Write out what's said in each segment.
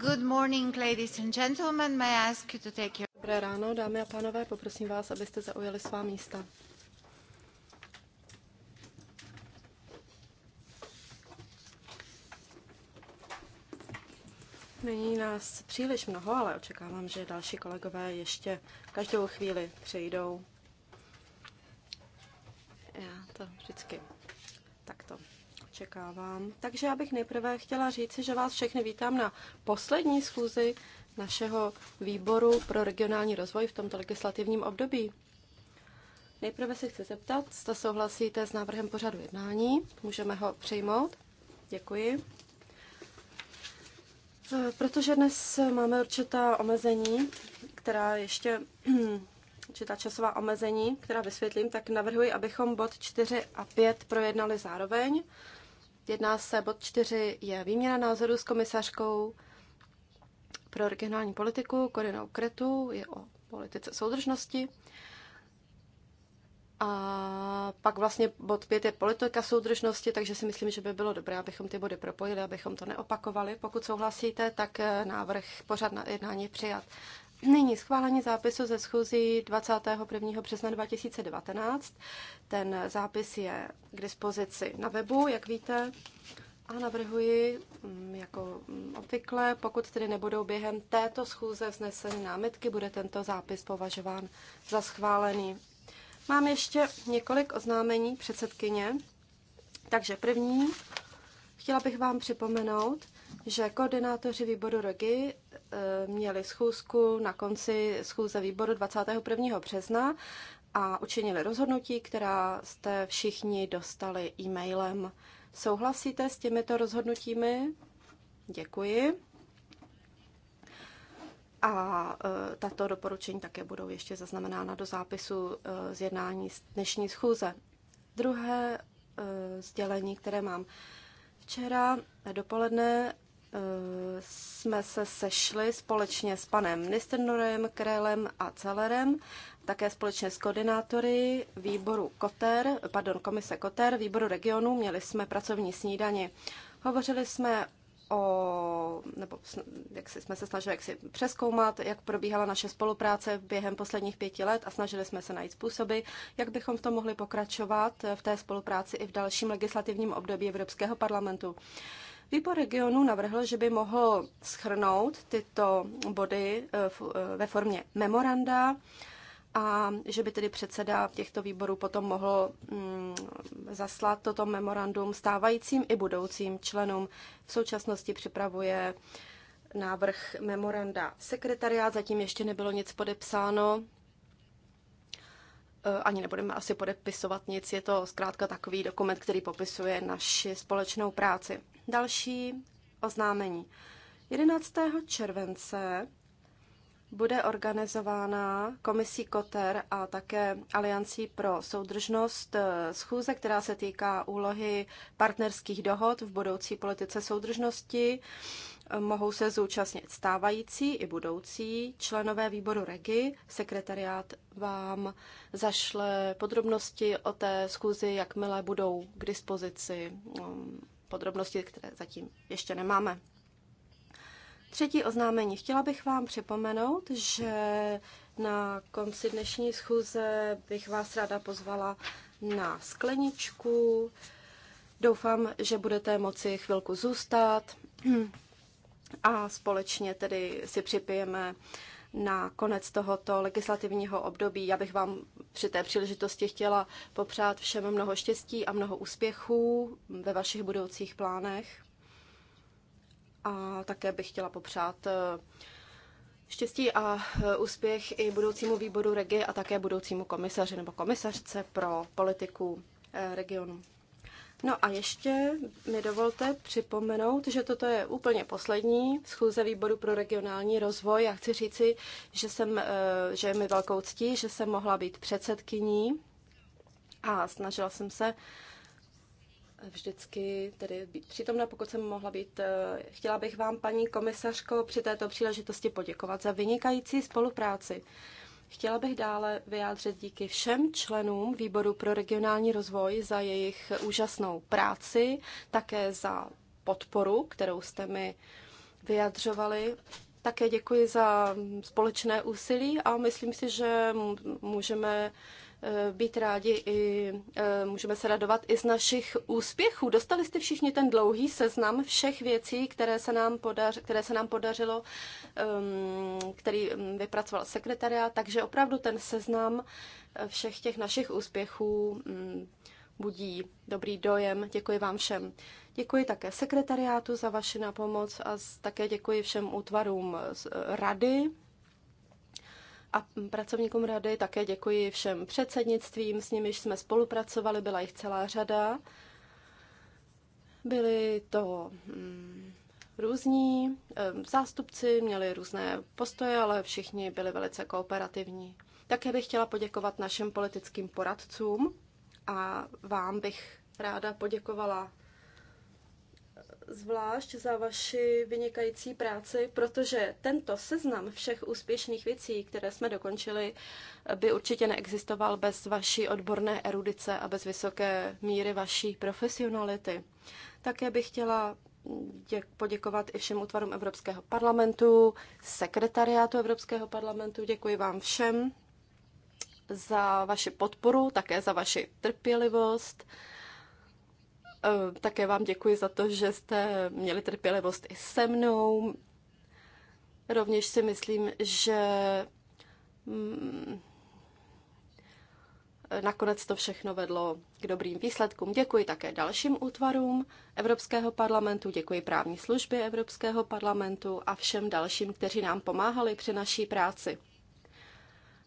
Good morning, ladies and gentlemen. May I ask you to take your... Dobré ráno, dámy a pánové, poprosím vás, abyste zaujali svá místa. Není nás příliš mnoho, ale očekávám, že další kolegové ještě každou chvíli přejdou. Já to vždycky očekávám. Takže já bych nejprve chtěla říci, že vás všechny vítám na poslední schůzi našeho výboru pro regionální rozvoj v tomto legislativním období. Nejprve se chci zeptat, zda souhlasíte s návrhem pořadu jednání. Můžeme ho přejmout. Děkuji. E, protože dnes máme určitá omezení, která ještě určitá časová omezení, která vysvětlím, tak navrhuji, abychom bod 4 a 5 projednali zároveň. Jedná se, bod čtyři je výměna názoru s komisařkou pro regionální politiku Korinou Kretu, je o politice soudržnosti. A pak vlastně bod pět je politika soudržnosti, takže si myslím, že by bylo dobré, abychom ty body propojili, abychom to neopakovali. Pokud souhlasíte, tak eh, návrh pořád na jednání přijat. Nyní schválení zápisu ze schůzí 21. března 2019. Ten zápis je k dispozici na webu, jak víte. A navrhuji, mm, jako mm, obvykle, pokud tedy nebudou během této schůze vzneseny námitky, bude tento zápis považován za schválený. Mám ještě několik oznámení předsedkyně. Takže první, chtěla bych vám připomenout, že koordinátoři výboru ROGI eh, měli schůzku na konci schůze výboru 21. března a učinili rozhodnutí, která jste všichni dostali e-mailem. Souhlasíte s těmito rozhodnutími? Děkuji. A eh, tato doporučení také budou ještě zaznamenána do zápisu eh, z jednání z dnešní schůze. Druhé sdělení, které mám včera dopoledne Eh, jsme se sešli společně s panem Nisternorem, Krélem a Celerem, také společně s koordinátory výboru Koter, pardon, komise Koter, výboru regionu, měli jsme pracovní snídani. Hovořili jsme o, nebo jak si, jsme se snažili jak si přeskoumat, jak probíhala naše spolupráce během posledních pěti let a snažili jsme se najít způsoby, jak bychom v tom mohli pokračovat v té spolupráci i v dalším legislativním období Evropského parlamentu. Výbor regionu navrhl, že by mohl schrnout tyto body eh, eh, ve formě memoranda a že by tedy předseda těchto výborů potom mohl mm, zaslat toto memorandum stávajícím i budoucím členům. V současnosti připravuje návrh memoranda sekretariát, zatím ještě nebylo nic podepsáno, Eh, ani nebudeme asi podepisovat nic, je to zkrátka takový dokument, který popisuje naši společnou práci. Další oznámení. 11. července bude organizována komisí Koter a také Aliancí pro soudržnost eh, schůze, která se týká úlohy partnerských dohod v budoucí politice soudržnosti mohou se zúčastnit stávající i budoucí členové výboru REGI. Sekretariát vám zašle podrobnosti o té schůzi, jakmile budou k dispozici um, podrobnosti, které zatím ještě nemáme. Třetí oznámení. Chtěla bych vám připomenout, že na konci dnešní schůze bych vás ráda pozvala na skleničku. Doufám, že budete moci chvilku zůstat a společně tedy si připijeme na konec tohoto legislativního období. Já bych vám při té příležitosti chtěla popřát všem mnoho štěstí a mnoho úspěchů ve vašich budoucích plánech. A také bych chtěla popřát eh, štěstí a eh, úspěch i budoucímu výboru regie a také budoucímu komisaři nebo komisařce pro politiku eh, regionu. No a ještě mi dovolte připomenout, že toto je úplně poslední schůze výboru pro regionální rozvoj. Já chci říci, že, jsem, eh, že je mi velkou ctí, že jsem mohla být předsedkyní a snažila jsem se vždycky tedy být přítomna, pokud jsem mohla být. Eh, chtěla bych vám, paní komisařko, při této příležitosti poděkovat za vynikající spolupráci. Chtěla bych dále vyjádřit díky všem členům Výboru pro regionální rozvoj za jejich úžasnou práci, také za podporu, kterou jste mi vyjadřovali. Také děkuji za společné úsilí a myslím si, že můžeme Eh, být rádi i eh, můžeme se radovat i z našich úspěchů. Dostali jste všichni ten dlouhý seznam všech věcí, které se nám, podař, které se nám podařilo, ehm, který mm, vypracoval sekretariát, takže opravdu ten seznam eh, všech těch našich úspěchů mm, budí dobrý dojem. Děkuji vám všem. Děkuji také sekretariátu za vaši napomoc a také děkuji všem útvarům rady a pracovníkům rady také děkuji všem předsednictvím, s nimiž jsme spolupracovali, byla jich celá řada. Byli to hmm, různí eh, zástupci, měli různé postoje, ale všichni byli velice kooperativní. Také bych chtěla poděkovat našim politickým poradcům a vám bych ráda poděkovala zvlášť za vaši vynikající práci, protože tento seznam všech úspěšných věcí, které jsme dokončili, by určitě neexistoval bez vaší odborné erudice a bez vysoké míry vaší profesionality. Také bych chtěla děk, poděkovat i všem útvarům Evropského parlamentu, sekretariátu Evropského parlamentu. Děkuji vám všem za vaši podporu, také za vaši trpělivost. Eh, také vám děkuji za to, že jste měli trpělivost i se mnou. Rovněž si myslím, že mm, nakonec to všechno vedlo k dobrým výsledkům. Děkuji také dalším útvarům Evropského parlamentu, děkuji právní službě Evropského parlamentu a všem dalším, kteří nám pomáhali při naší práci.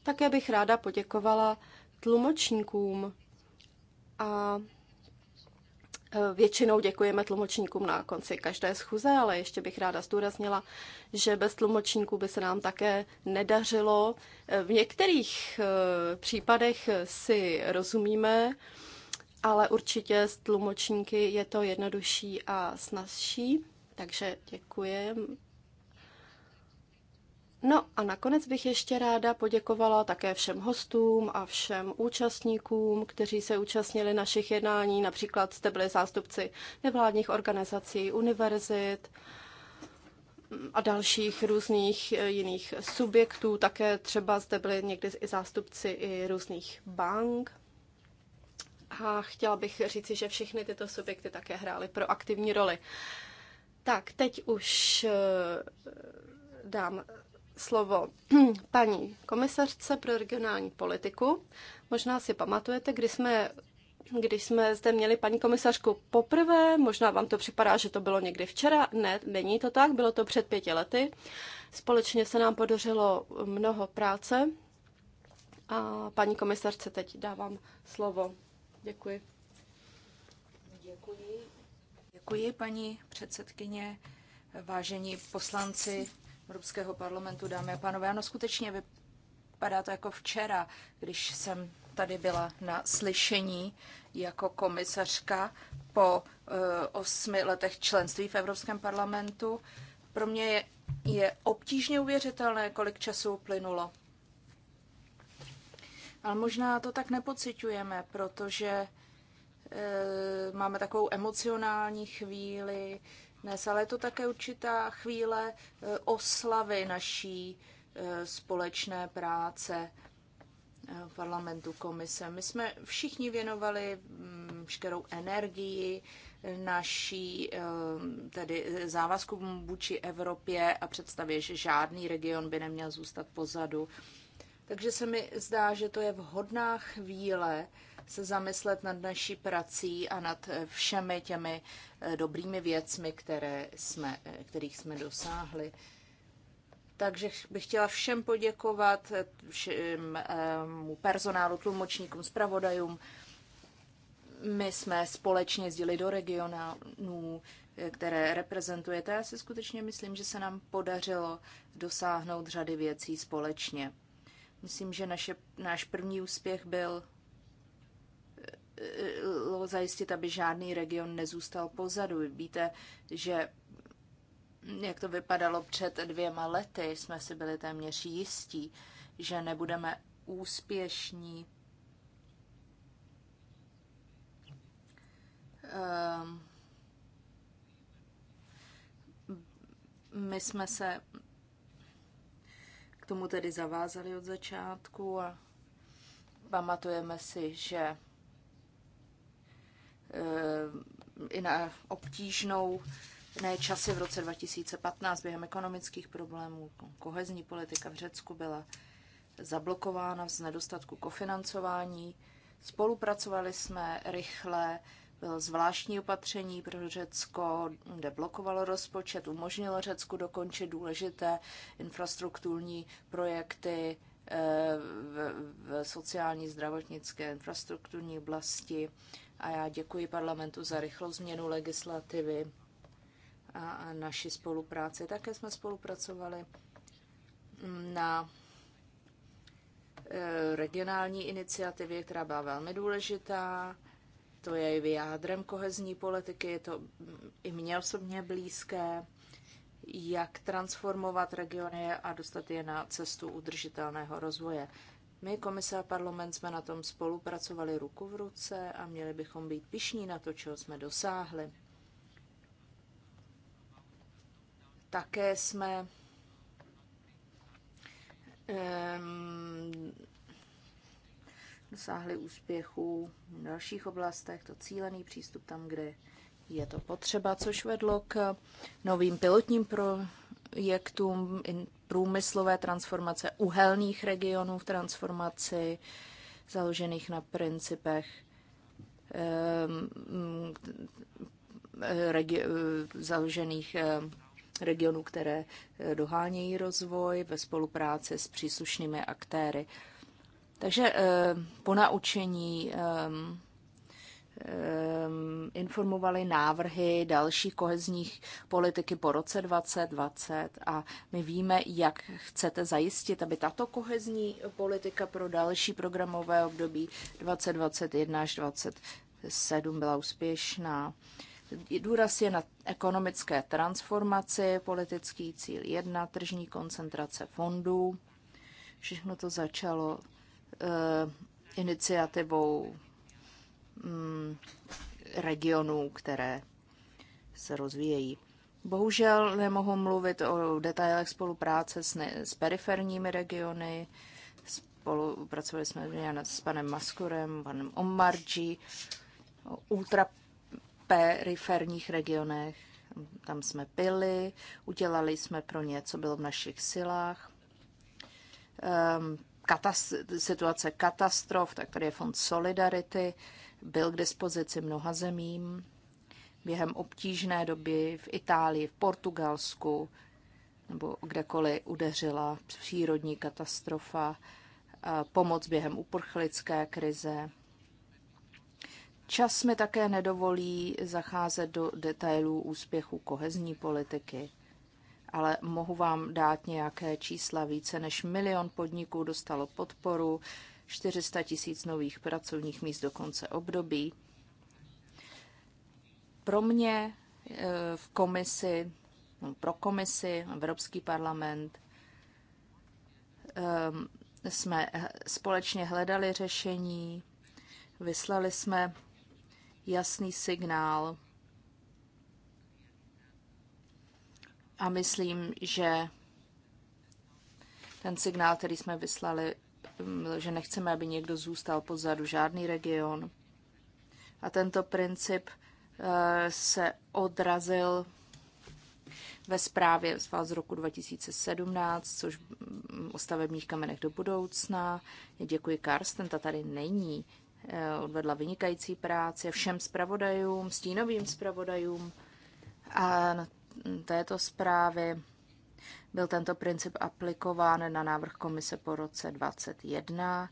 Také bych ráda poděkovala tlumočníkům a Eh, většinou děkujeme tlumočníkům na konci každé schůze, ale ještě bych ráda zdůraznila, že bez tlumočníků by se nám také nedařilo. Eh, v některých eh, případech si rozumíme, ale určitě s tlumočníky je to jednodušší a snazší. Takže děkuji, No a nakonec bych ještě ráda poděkovala také všem hostům a všem účastníkům, kteří se účastnili našich jednání. Například jste byli zástupci nevládních organizací, univerzit a dalších různých eh, jiných subjektů. Také třeba zde byli někdy i zástupci i různých bank. A chtěla bych říci, že všechny tyto subjekty také hrály proaktivní roli. Tak, teď už eh, dám slovo paní komisařce pro regionální politiku. Možná si pamatujete, kdy jsme když jsme zde měli paní komisařku poprvé, možná vám to připadá, že to bylo někdy včera, ne, není to tak, bylo to před pěti lety. Společně se nám podařilo mnoho práce a paní komisařce teď dávám slovo. Děkuji. Děkuji. Děkuji, paní předsedkyně, vážení poslanci, Evropského parlamentu, dámy a pánové. Ano, skutečně vypadá to jako včera, když jsem tady byla na slyšení jako komisařka po eh, osmi letech členství v Evropském parlamentu. Pro mě je, je obtížně uvěřitelné, kolik času uplynulo. Ale možná to tak nepocitujeme, protože e, máme takovou emocionální chvíli, dnes, ale je to také určitá chvíle eh, oslavy naší eh, společné práce eh, parlamentu komise. My jsme všichni věnovali mm, veškerou energii naší tedy závazku vůči Evropě a představě, že žádný region by neměl zůstat pozadu. Takže se mi zdá, že to je vhodná chvíle se zamyslet nad naší prací a nad eh, všemi těmi eh, dobrými věcmi, které jsme, eh, kterých jsme dosáhli. Takže bych chtěla všem poděkovat, všem personálu, tlumočníkům, zpravodajům. My jsme společně jezdili do regionů, které reprezentujete. Já si skutečně myslím, že se nám podařilo dosáhnout řady věcí společně. Myslím, že naše, náš první úspěch byl eh, eh, zajistit, aby žádný region nezůstal pozadu. Víte, že hm, jak to vypadalo před dvěma lety, jsme si byli téměř jistí, že nebudeme úspěšní. Ehm, my jsme se k tomu tedy zavázali od začátku a pamatujeme si, že eh, i na obtížnou ne časy v roce 2015 během ekonomických problémů. Kohezní politika v Řecku byla zablokována z nedostatku kofinancování. Spolupracovali jsme rychle, bylo zvláštní opatření pro Řecko, kde blokovalo rozpočet, umožnilo Řecku dokončit důležité infrastrukturní projekty eh, v sociální, zdravotnické, infrastrukturní oblasti. A já děkuji parlamentu za rychlou změnu legislativy a naši spolupráci. Také jsme spolupracovali mm, na eh, regionální iniciativě, která byla velmi důležitá to je i jádrem kohezní politiky, je to i mně osobně blízké, jak transformovat regiony a dostat je na cestu udržitelného rozvoje. My, komise a parlament, jsme na tom spolupracovali ruku v ruce a měli bychom být pišní na to, čeho jsme dosáhli. Také jsme um, dosáhli úspěchů v dalších oblastech, to cílený přístup tam, kde je to potřeba, což vedlo k novým pilotním projektům průmyslové transformace uhelných regionů v transformaci, založených na principech ehm, mm, e, regi- e, založených e, regionů, které dohánějí rozvoj ve spolupráci s příslušnými aktéry. Takže eh, po naučení ehm, ehm, informovali návrhy další kohezních politiky po roce 2020 a my víme, jak chcete zajistit, aby tato kohezní politika pro další programové období 2021 až 2027 byla úspěšná. Důraz je na ekonomické transformaci, politický cíl 1, tržní koncentrace fondů. Všechno to začalo Eh, iniciativou mm, regionů, které se rozvíjejí. Bohužel nemohu mluvit o detailech spolupráce s, ne- s periferními regiony. Spolupracovali jsme s panem Maskurem, panem Omarji, o ultraperiferních regionech. Tam jsme pili, udělali jsme pro ně, co bylo v našich silách. Um, situace katastrof, tak tady je fond Solidarity, byl k dispozici mnoha zemím během obtížné doby v Itálii, v Portugalsku nebo kdekoliv udeřila přírodní katastrofa, pomoc během uprchlické krize. Čas mi také nedovolí zacházet do detailů úspěchu kohezní politiky ale mohu vám dát nějaké čísla. Více než milion podniků dostalo podporu, 400 tisíc nových pracovních míst do konce období. Pro mě e, v komisi, no, pro komisi, Evropský parlament, jsme společně hledali řešení, vyslali jsme jasný signál A myslím, že ten signál, který jsme vyslali, mm, že nechceme, aby někdo zůstal pozadu, žádný region. A tento princip eh, se odrazil ve zprávě z roku 2017, což mm, o stavebních kamenech do budoucna. děkuji Karsten, ta tady není. Eh, odvedla vynikající práci všem zpravodajům, stínovým zpravodajům a na této zprávy byl tento princip aplikován na návrh komise po roce 2021.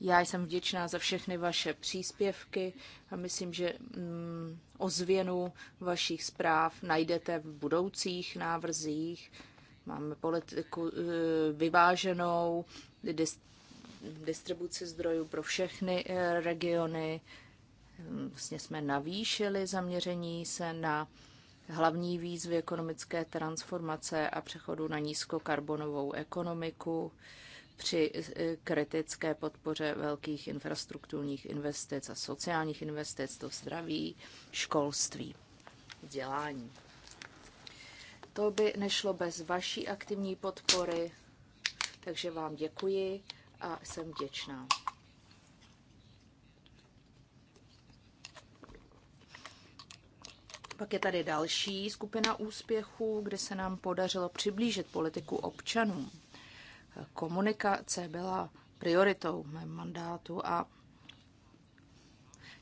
Já jsem vděčná za všechny vaše příspěvky a myslím, že mm, ozvěnu vašich zpráv najdete v budoucích návrzích. Máme politiku eh, vyváženou, distribuci zdrojů pro všechny eh, regiony. Vlastně jsme navýšili zaměření se na hlavní výzvy ekonomické transformace a přechodu na nízkokarbonovou ekonomiku při eh, kritické podpoře velkých infrastrukturních investic a sociálních investic do zdraví, školství, vzdělání. To by nešlo bez vaší aktivní podpory, takže vám děkuji a jsem vděčná. Pak je tady další skupina úspěchů, kde se nám podařilo přiblížit politiku občanům. Komunikace byla prioritou v mém mandátu a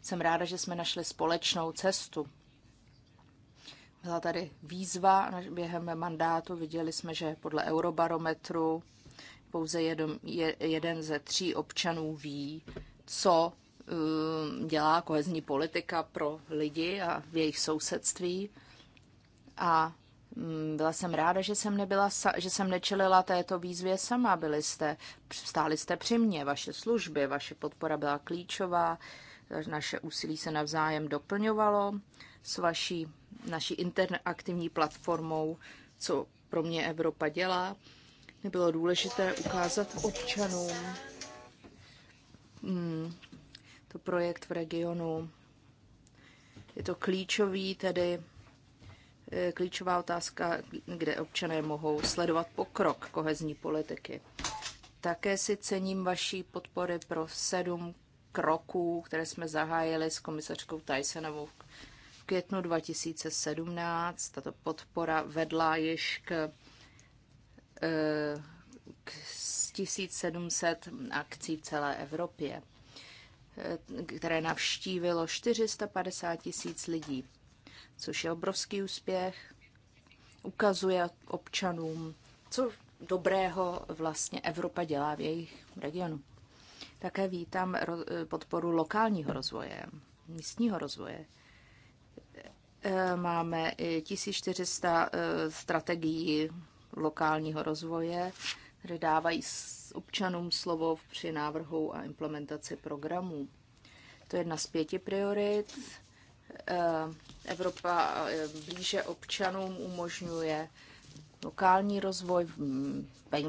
jsem ráda, že jsme našli společnou cestu. Byla tady výzva během mandátu, viděli jsme, že podle Eurobarometru pouze jeden, jeden ze tří občanů ví, co Eh, dělá kohezní politika pro lidi a v jejich sousedství. A mm, byla jsem ráda, že jsem, nebyla, že jsem nečelila této výzvě sama. Byli jste, stáli jste při mně, vaše služby, vaše podpora byla klíčová, naše úsilí se navzájem doplňovalo s vaší, naší interaktivní platformou, co pro mě Evropa dělá. Nebylo důležité ukázat občanům, mm, to projekt v regionu. Je to klíčový tedy e, klíčová otázka, kde občané mohou sledovat pokrok kohezní politiky. Také si cením vaší podpory pro sedm kroků, které jsme zahájili s komisařkou Tysonovou v květnu 2017. Tato podpora vedla již k, e, k 1700 akcí v celé Evropě. Eh, které navštívilo 450 tisíc lidí, což je obrovský úspěch. Ukazuje občanům, co dobrého vlastně Evropa dělá v jejich regionu. Také vítám eh, podporu lokálního rozvoje, místního rozvoje. Eh, máme 1400 strategií lokálního rozvoje kde dávají občanům slovo při návrhu a implementaci programů. To je jedna z pěti priorit. Eh, Evropa eh, blíže občanům umožňuje lokální rozvoj v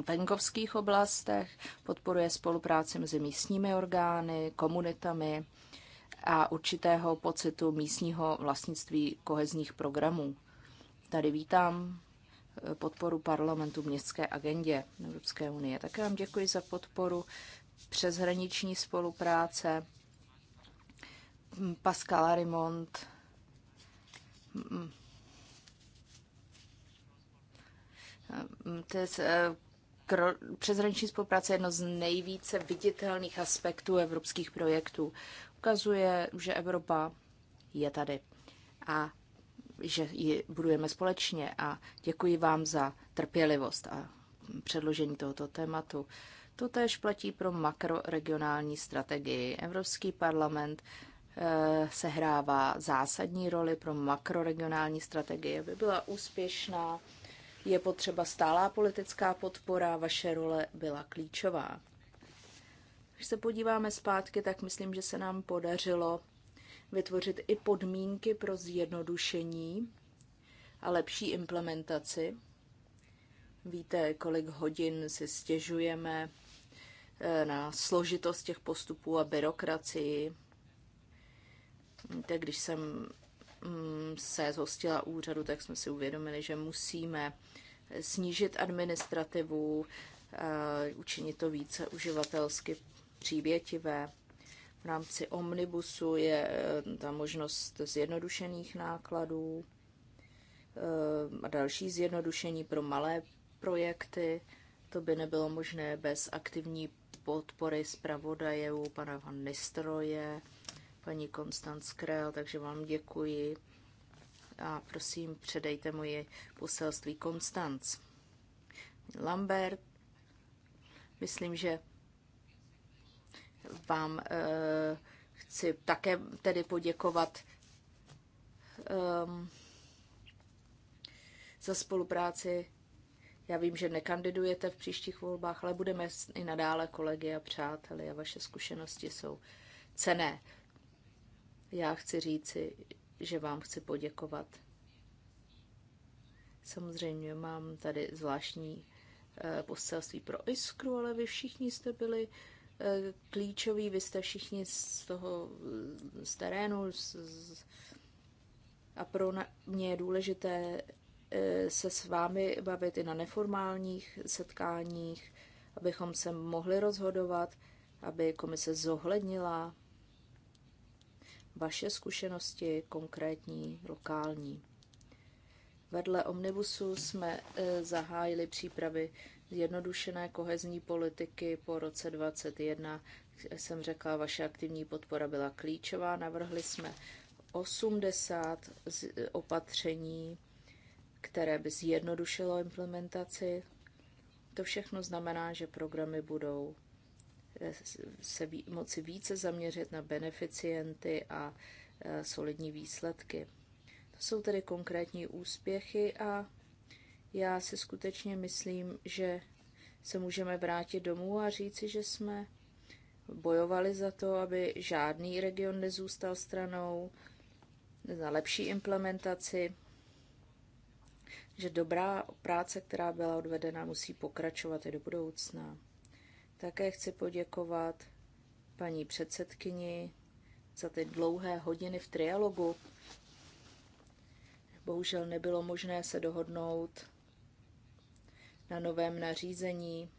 venkovských oblastech, podporuje spolupráci mezi místními orgány, komunitami a určitého pocitu místního vlastnictví kohezních programů. Tady vítám podporu parlamentu městské agendě Evropské unie. Také vám děkuji za podporu přeshraniční spolupráce. Pascal Arimont, eh, přeshraniční spolupráce je jedno z nejvíce viditelných aspektů evropských projektů. Ukazuje, že Evropa je tady. A že ji budujeme společně a děkuji vám za trpělivost a předložení tohoto tématu. To též platí pro makroregionální strategii. Evropský parlament eh, sehrává zásadní roli pro makroregionální strategii. Aby byla úspěšná, je potřeba stálá politická podpora, vaše role byla klíčová. Když se podíváme zpátky, tak myslím, že se nám podařilo vytvořit i podmínky pro zjednodušení a lepší implementaci. Víte, kolik hodin si stěžujeme eh, na složitost těch postupů a byrokracii. Víte, když jsem mm, se zhostila úřadu, tak jsme si uvědomili, že musíme snížit administrativu, eh, učinit to více uživatelsky přívětivé. V rámci omnibusu je eh, ta možnost zjednodušených nákladů eh, a další zjednodušení pro malé projekty. To by nebylo možné bez aktivní podpory zpravodajů pana Van Nistroje, paní Konstanc Krell, takže vám děkuji a prosím předejte moje poselství Konstanc. Lambert, myslím, že vám eh, chci také tedy poděkovat ehm, za spolupráci. Já vím, že nekandidujete v příštích volbách, ale budeme i nadále kolegy a přáteli a vaše zkušenosti jsou cené. Já chci říci, že vám chci poděkovat. Samozřejmě mám tady zvláštní eh, poselství pro Iskru, ale vy všichni jste byli klíčový. Vy jste všichni z toho, z terénu z, z, a pro mě je důležité eh, se s vámi bavit i na neformálních setkáních, abychom se mohli rozhodovat, aby komise zohlednila vaše zkušenosti konkrétní, lokální. Vedle omnibusu jsme eh, zahájili přípravy zjednodušené kohezní politiky po roce 2021. Jsem řekla, vaše aktivní podpora byla klíčová. Navrhli jsme 80 opatření, které by zjednodušilo implementaci. To všechno znamená, že programy budou eh, se moci více zaměřit na beneficienty a eh, solidní výsledky. To jsou tedy konkrétní úspěchy a já si skutečně myslím, že se můžeme vrátit domů a říci, že jsme bojovali za to, aby žádný region nezůstal stranou, za lepší implementaci, že dobrá práce, která byla odvedena, musí pokračovat i do budoucna. Také chci poděkovat paní předsedkyni za ty dlouhé hodiny v trialogu. Bohužel nebylo možné se dohodnout na novém nařízení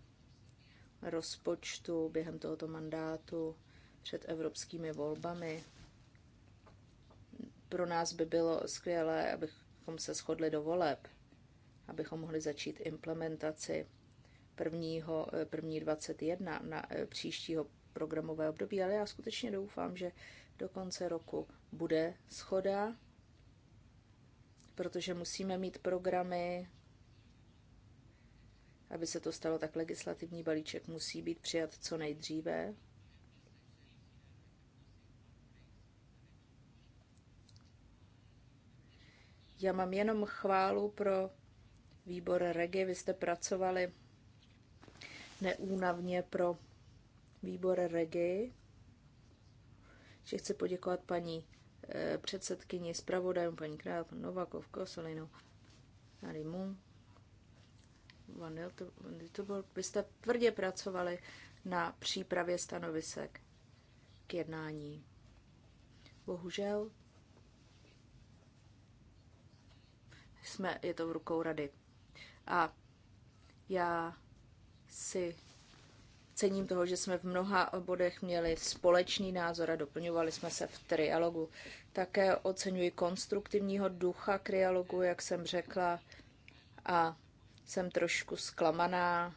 rozpočtu během tohoto mandátu před evropskými volbami. Pro nás by bylo skvělé, abychom se shodli do voleb, abychom mohli začít implementaci prvního, eh, první 21 na eh, příštího programové období, ale já skutečně doufám, že do konce roku bude schoda, protože musíme mít programy aby se to stalo, tak legislativní balíček musí být přijat co nejdříve. Já mám jenom chválu pro výbor Regi. Vy jste pracovali neúnavně pro výbor Regi. Že chci poděkovat paní eh, předsedkyni, zpravodajům, paní Král, Novakov, Kosolinu, Arimu to, to vy byste tvrdě pracovali na přípravě stanovisek k jednání. Bohužel jsme, je to v rukou rady. A já si cením toho, že jsme v mnoha bodech měli společný názor a doplňovali jsme se v trialogu. Také oceňuji konstruktivního ducha k trialogu, jak jsem řekla, a jsem trošku zklamaná,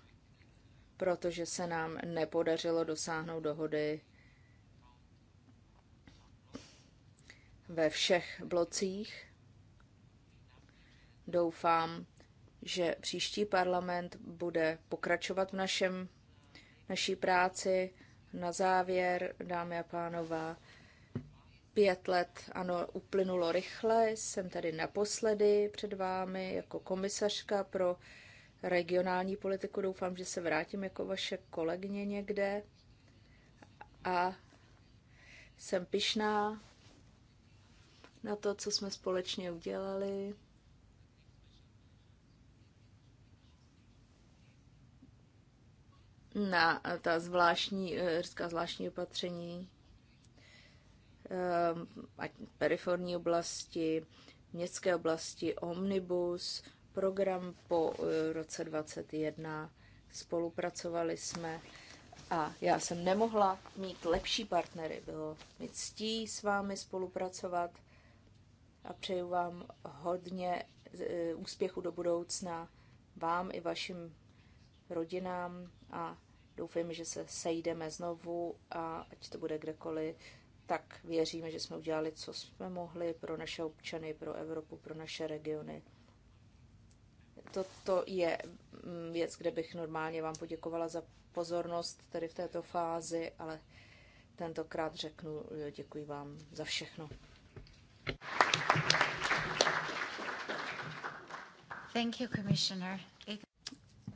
protože se nám nepodařilo dosáhnout dohody ve všech blocích. Doufám, že příští parlament bude pokračovat v našem, naší práci. Na závěr, dámy a pánová, pět let, ano, uplynulo rychle. Jsem tady naposledy před vámi jako komisařka pro regionální politiku. Doufám, že se vrátím jako vaše kolegyně někde. A jsem pišná na to, co jsme společně udělali. na ta zvláštní, říká zvláštní opatření, ehm, ať periferní oblasti, městské oblasti, omnibus, program po eh, roce 2021. Spolupracovali jsme a já jsem nemohla mít lepší partnery. Bylo mi ctí s vámi spolupracovat a přeju vám hodně eh, úspěchu do budoucna, vám i vašim rodinám a doufejme, že se sejdeme znovu a ať to bude kdekoliv, tak věříme, že jsme udělali, co jsme mohli pro naše občany, pro Evropu, pro naše regiony Toto je mm, věc, kde bych normálně vám poděkovala za pozornost tady v této fázi, ale tentokrát řeknu děkuji vám za všechno. Thank you, Commissioner.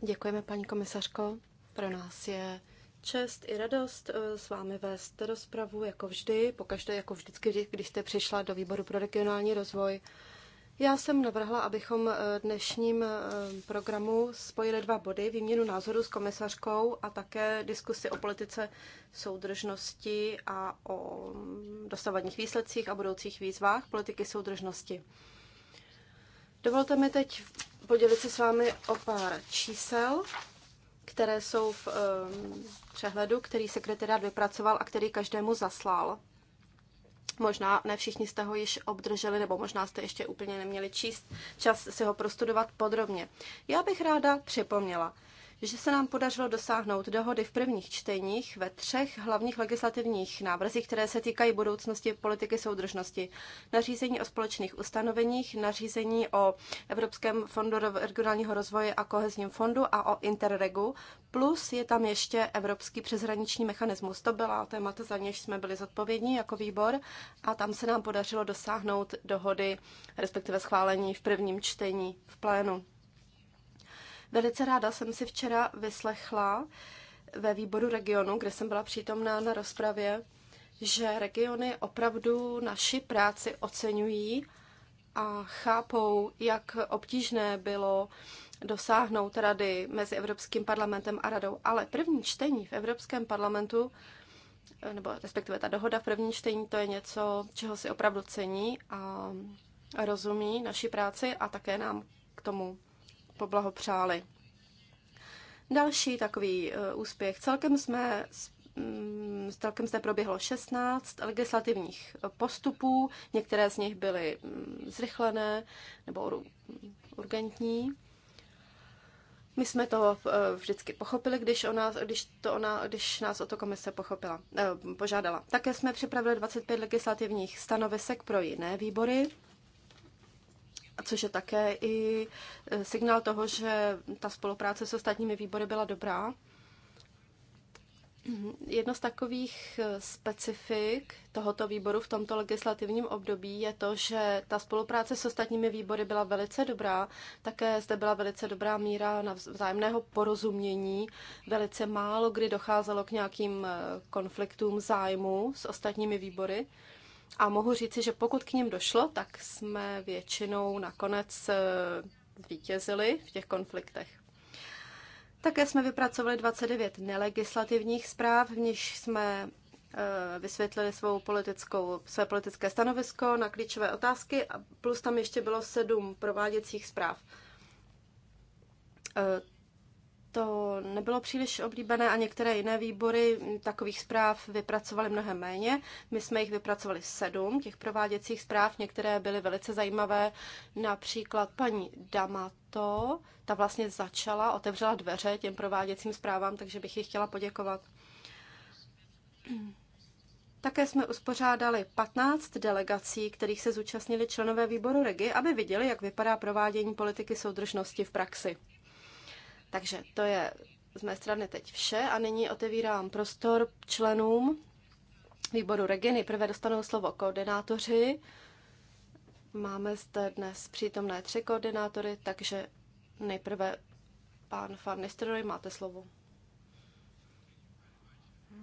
Děkujeme, paní komisařko. Pro nás je čest i radost eh, s vámi vést rozpravu, jako vždy, pokaždé, jako vždycky, když jste přišla do výboru pro regionální rozvoj. Já jsem navrhla, abychom eh, dnešním eh, programu spojili dva body, výměnu názoru s komisařkou a také diskusi o politice soudržnosti a o mm, dosavadních výsledcích a budoucích výzvách politiky soudržnosti. Dovolte mi teď podělit se s vámi o pár čísel, které jsou v um, přehledu, který sekretariat vypracoval a který každému zaslal. Možná ne všichni jste ho již obdrželi, nebo možná jste ještě úplně neměli číst čas si ho prostudovat podrobně. Já bych ráda připomněla, že se nám podařilo dosáhnout dohody v prvních čteních ve třech hlavních legislativních návrzích, které se týkají budoucnosti politiky soudržnosti. Nařízení o společných ustanoveních, nařízení o Evropském fondu regionálního rozvoje a kohezním fondu a o Interregu, plus je tam ještě Evropský přeshraniční mechanismus. To byla témata, za něž jsme byli zodpovědní jako výbor a tam se nám podařilo dosáhnout dohody, respektive schválení v prvním čtení v plénu. Velice ráda jsem si včera vyslechla ve výboru regionu, kde jsem byla přítomná na rozpravě, že regiony opravdu naši práci oceňují a chápou, jak obtížné bylo dosáhnout rady mezi Evropským parlamentem a radou. Ale první čtení v Evropském parlamentu, nebo respektive ta dohoda v první čtení, to je něco, čeho si opravdu cení a rozumí naši práci a také nám k tomu poblahopřáli. Další takový eh, úspěch. Celkem jsme mm, celkem zde proběhlo 16 legislativních eh, postupů, některé z nich byly mm, zrychlené nebo urgentní. My jsme to eh, vždycky pochopili, když, o nás, když, to ona, když nás o to komise pochopila, eh, požádala. Také jsme připravili 25 legislativních stanovisek pro jiné výbory což je také i e, signál toho, že ta spolupráce s ostatními výbory byla dobrá. Jedno z takových e, specifik tohoto výboru v tomto legislativním období je to, že ta spolupráce s ostatními výbory byla velice dobrá. Také zde byla velice dobrá míra na vzájemného porozumění. Velice málo kdy docházelo k nějakým e, konfliktům zájmu s ostatními výbory. A mohu říci, že pokud k ním došlo, tak jsme většinou nakonec eh, vítězili v těch konfliktech. Také jsme vypracovali 29 nelegislativních zpráv, v nich jsme eh, vysvětlili svou politickou, své politické stanovisko na klíčové otázky a plus tam ještě bylo sedm prováděcích zpráv. Eh, to nebylo příliš oblíbené a některé jiné výbory takových zpráv vypracovaly mnohem méně. My jsme jich vypracovali sedm, těch prováděcích zpráv, některé byly velice zajímavé, například paní Damato, ta vlastně začala, otevřela dveře těm prováděcím zprávám, takže bych jí chtěla poděkovat. Také jsme uspořádali 15 delegací, kterých se zúčastnili členové výboru Regi, aby viděli, jak vypadá provádění politiky soudržnosti v praxi. Takže to je z mé strany teď vše a nyní otevírám prostor členům výboru Reginy. Prvé dostanou slovo koordinátoři. Máme zde dnes přítomné tři koordinátory, takže nejprve pán Van Nistelrooy, máte slovo.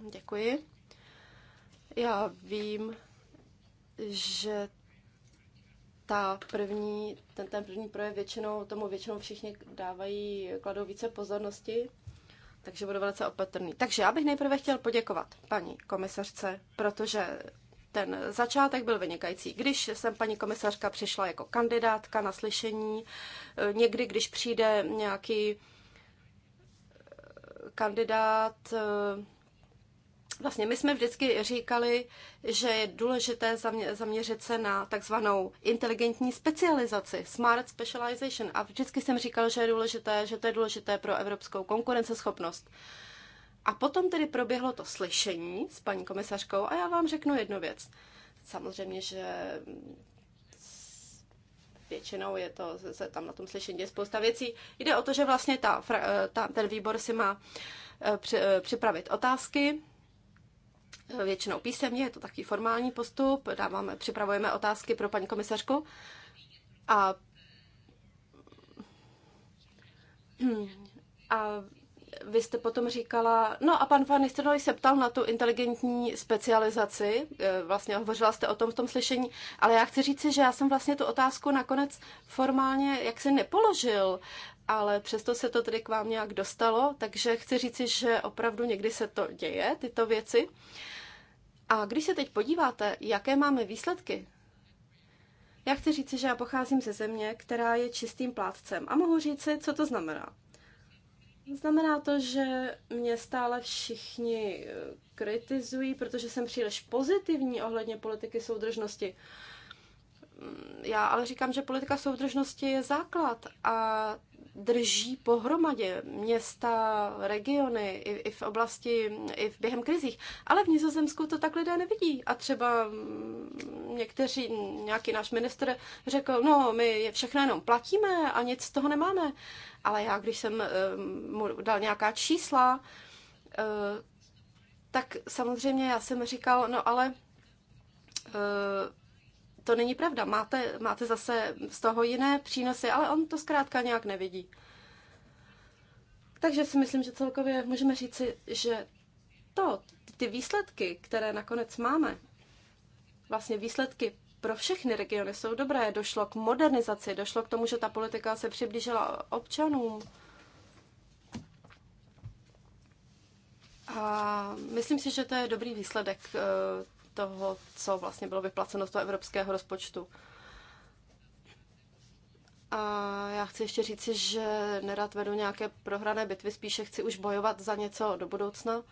Děkuji. Já vím, že ta první, ten, ten první projev většinou, tomu většinou všichni dávají, kladou více pozornosti, takže budu velice opatrný. Takže já bych nejprve chtěl poděkovat paní komisařce, protože ten začátek byl vynikající. Když jsem paní komisařka přišla jako kandidátka na slyšení, eh, někdy, když přijde nějaký eh, kandidát, eh, Vlastně my jsme vždycky říkali, že je důležité zaměřit se na takzvanou inteligentní specializaci, smart specialization. A vždycky jsem říkal, že je důležité, že to je důležité pro evropskou konkurenceschopnost. A potom tedy proběhlo to slyšení s paní komisařkou a já vám řeknu jednu věc. Samozřejmě, že většinou je to, se tam na tom slyšení je spousta věcí. Jde o to, že vlastně ta, ta, ten výbor si má eh, eh, připravit otázky většinou písemně, je to takový formální postup, dáváme, připravujeme otázky pro paní komisařku a, a vy jste potom říkala, no a pan Van Nistelrooy se ptal na tu inteligentní specializaci, eh, vlastně hovořila jste o tom v tom slyšení, ale já chci říci, že já jsem vlastně tu otázku nakonec formálně jaksi nepoložil, ale přesto se to tedy k vám nějak dostalo, takže chci říci, že opravdu někdy se to děje, tyto věci. A když se teď podíváte, jaké máme výsledky já chci říci, že já pocházím ze země, která je čistým plátcem a mohu říci, co to znamená. Znamená to, že mě stále všichni eh, kritizují, protože jsem příliš pozitivní ohledně politiky soudržnosti. Mm, já ale říkám, že politika soudržnosti je základ a drží pohromadě města, regiony i, i v oblasti, i v během krizích. Ale v Nizozemsku to tak lidé nevidí. A třeba mm, někteří, nějaký náš minister řekl, no my je všechno jenom platíme a nic z toho nemáme. Ale já, když jsem eh, mu dal nějaká čísla, eh, tak samozřejmě já jsem říkal, no ale eh, to není pravda. Máte, máte zase z toho jiné přínosy, ale on to zkrátka nějak nevidí. Takže si myslím, že celkově můžeme říci, že to, ty výsledky, které nakonec máme, vlastně výsledky pro všechny regiony jsou dobré. Došlo k modernizaci, došlo k tomu, že ta politika se přiblížila občanům. A myslím si, že to je dobrý výsledek eh, toho, co vlastně bylo vyplaceno z toho evropského rozpočtu. A já chci ještě říci, že nerad vedu nějaké prohrané bitvy, spíše chci už bojovat za něco do budoucna.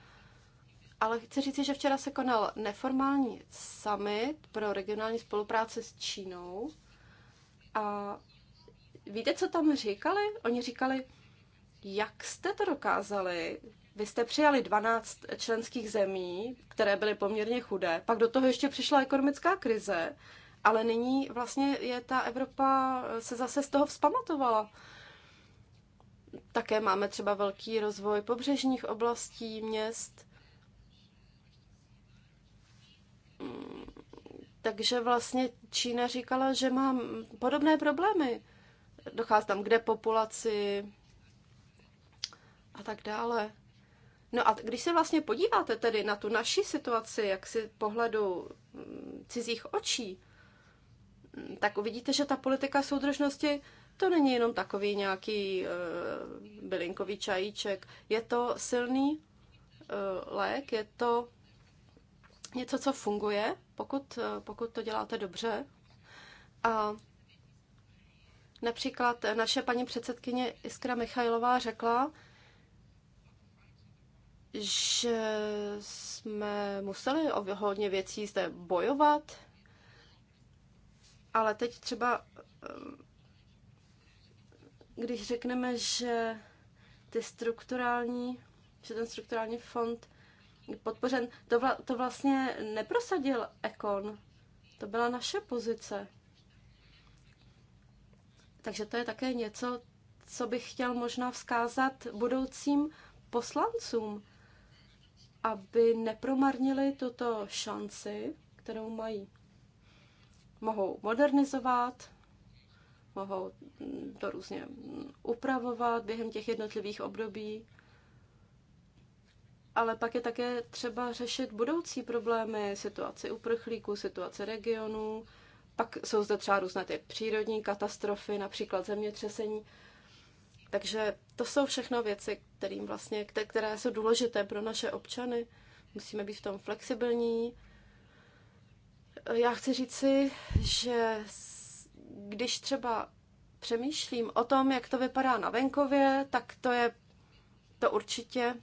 Ale chci říci, že včera se konal neformální summit pro regionální spolupráci s Čínou. A víte, co tam říkali? Oni říkali, jak jste to dokázali, vy jste přijali 12 členských zemí, které byly poměrně chudé, pak do toho ještě přišla ekonomická krize, ale nyní vlastně je ta Evropa se zase z toho vzpamatovala. Také máme třeba velký rozvoj pobřežních oblastí, měst. Takže vlastně Čína říkala, že má podobné problémy. Dochází tam k depopulaci a tak dále. No a když se vlastně podíváte tedy na tu naši situaci, jak si pohledu mm, cizích očí, mm, tak uvidíte, že ta politika soudržnosti to není jenom takový nějaký uh, bylinkový čajíček. Je to silný uh, lék, je to něco, co funguje, pokud, uh, pokud to děláte dobře. A například naše paní předsedkyně Iskra Michajlová řekla, že jsme museli o hodně věcí zde bojovat, ale teď třeba, eh, když řekneme, že ty strukturální, že ten strukturální fond podpořen, to, vla, to vlastně neprosadil Ekon, to byla naše pozice. Takže to je také něco, co bych chtěl možná vzkázat budoucím poslancům, aby nepromarnili tuto šanci, kterou mají. Mohou modernizovat, mohou to různě upravovat během těch jednotlivých období, ale pak je také třeba řešit budoucí problémy, situaci uprchlíků, situace regionů, pak jsou zde třeba různé ty přírodní katastrofy, například zemětřesení. Takže to jsou všechno věci, kterým vlastně, které jsou důležité pro naše občany. Musíme být v tom flexibilní. Já chci říci, že když třeba přemýšlím o tom, jak to vypadá na venkově, tak to je to určitě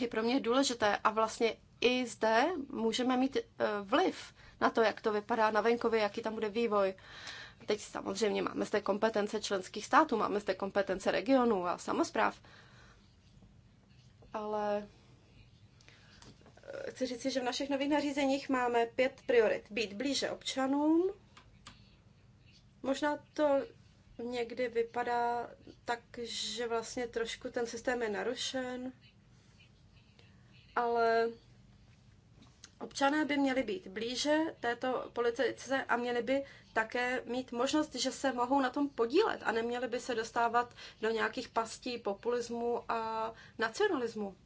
je pro mě důležité. A vlastně i zde můžeme mít eh, vliv na to, jak to vypadá na venkově, jaký tam bude vývoj. Teď samozřejmě máme zde kompetence členských států, máme zde kompetence regionů a samozpráv. Ale eh, chci si, že v našich nových nařízeních máme pět priorit. Být blíže občanům, možná to někdy vypadá tak, že vlastně trošku ten systém je narušen, ale Občané by měli být blíže této politice a měli by také mít možnost, že se mohou na tom podílet a neměli by se dostávat do nějakých pastí populismu a nacionalismu.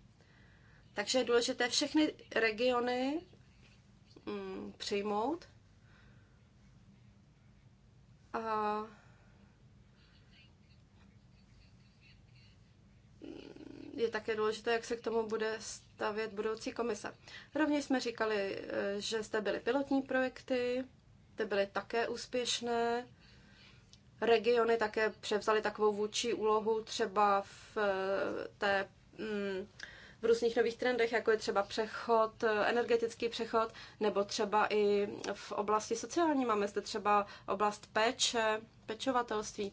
Takže je důležité všechny regiony mm, přijmout. A je také důležité, jak se k tomu bude stavět budoucí komise. Rovněž jsme říkali, eh, že zde byly pilotní projekty, ty byly také úspěšné. Regiony také převzaly takovou vůči úlohu třeba v eh, té mm, v různých nových trendech, jako je třeba přechod, eh, energetický přechod, nebo třeba i v oblasti sociální. Máme zde třeba oblast péče, pečovatelství.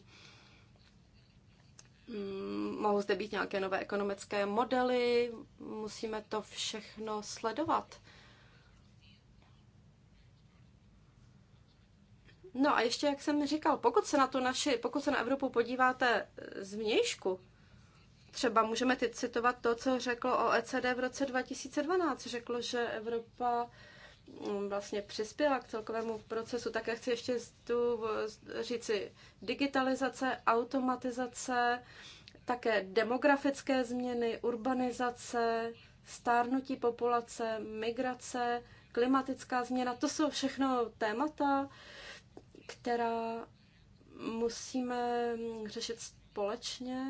Mm, mohou zde být nějaké nové ekonomické modely, musíme to všechno sledovat. No a ještě, jak jsem říkal, pokud se na tu naši, pokud se na Evropu podíváte z vnějšku, třeba můžeme teď citovat to, co řeklo OECD v roce 2012. Řeklo, že Evropa vlastně přispěla k celkovému procesu. Také chci ještě tu říci digitalizace, automatizace, také demografické změny, urbanizace, stárnutí populace, migrace, klimatická změna. To jsou všechno témata, která musíme řešit společně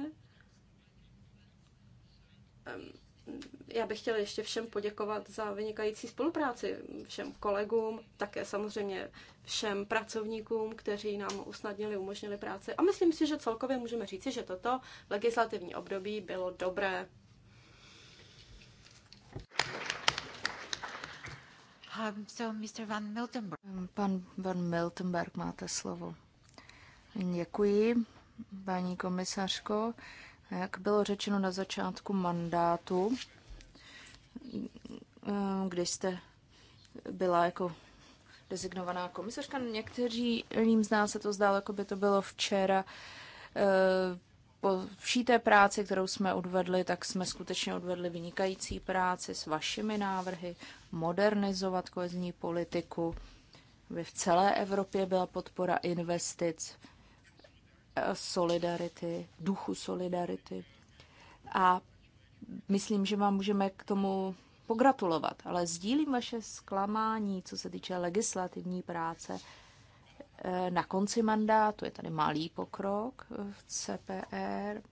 já bych chtěla ještě všem poděkovat za vynikající spolupráci, všem kolegům, také samozřejmě všem pracovníkům, kteří nám usnadnili, umožnili práci. A myslím si, že celkově můžeme říci, že toto legislativní období bylo dobré. Um, so, Mr. Van Miltenberg. Um, pan Van Miltenberg, máte slovo. Děkuji, paní komisařko. Jak bylo řečeno na začátku mandátu, eh, když jste byla jako designovaná komisařka, někteří jim z nás se to zdálo, jako by to bylo včera, eh, po vší té práci, kterou jsme odvedli, tak jsme skutečně odvedli vynikající práci s vašimi návrhy, modernizovat kohezní politiku, aby v celé Evropě byla podpora investic solidarity, duchu solidarity. A myslím, že vám můžeme k tomu pogratulovat, ale sdílím vaše zklamání, co se týče legislativní práce. Eh, na konci mandátu je tady malý pokrok v CPR,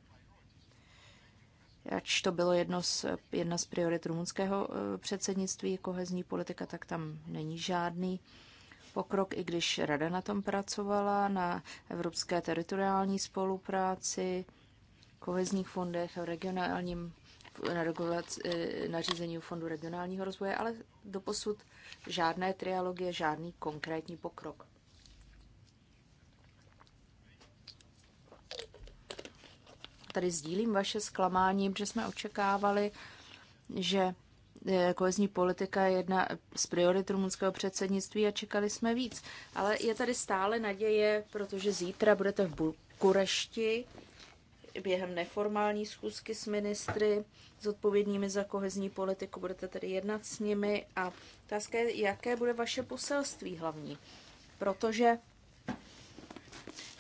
ač to bylo jedno z, jedna z priorit rumunského eh, předsednictví, kohezní politika, tak tam není žádný pokrok, i když Rada na tom pracovala, na evropské teritoriální spolupráci, kohezních fondech regionálním na regulaci, nařízení Fondu regionálního rozvoje, ale doposud žádné trialogie, žádný konkrétní pokrok. Tady sdílím vaše zklamání, protože jsme očekávali, že kohezní politika je jedna z priorit rumunského předsednictví a čekali jsme víc. Ale je tady stále naděje, protože zítra budete v Bukurešti během neformální schůzky s ministry s odpovědnými za kohezní politiku. Budete tedy jednat s nimi a otázka je, jaké bude vaše poselství hlavní. Protože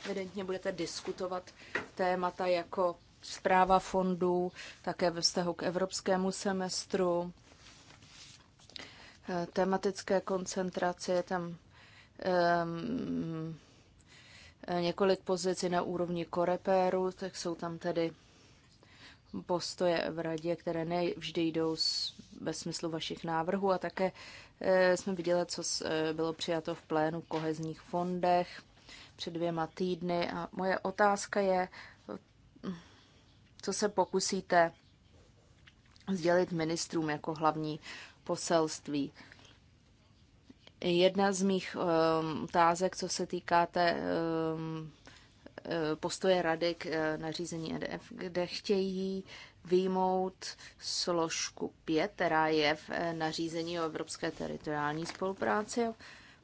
evidentně budete diskutovat témata jako zpráva fondů, také ve vztahu k evropskému semestru, Eh, tematické koncentrace, je tam um, několik pozic na úrovni korepéru, tak jsou tam tedy postoje v radě, které nevždy jdou z, bez smyslu vašich návrhů a také e, jsme viděli, co s, e, bylo přijato v plénu v kohezních fondech před dvěma týdny a moje otázka je, co se pokusíte sdělit ministrům jako hlavní poselství. Jedna z mých um, otázek, co se týká té um, eh, postoje rady k eh, nařízení EDF, kde chtějí výjmout složku 5, která je v eh, nařízení o evropské teritoriální spolupráci.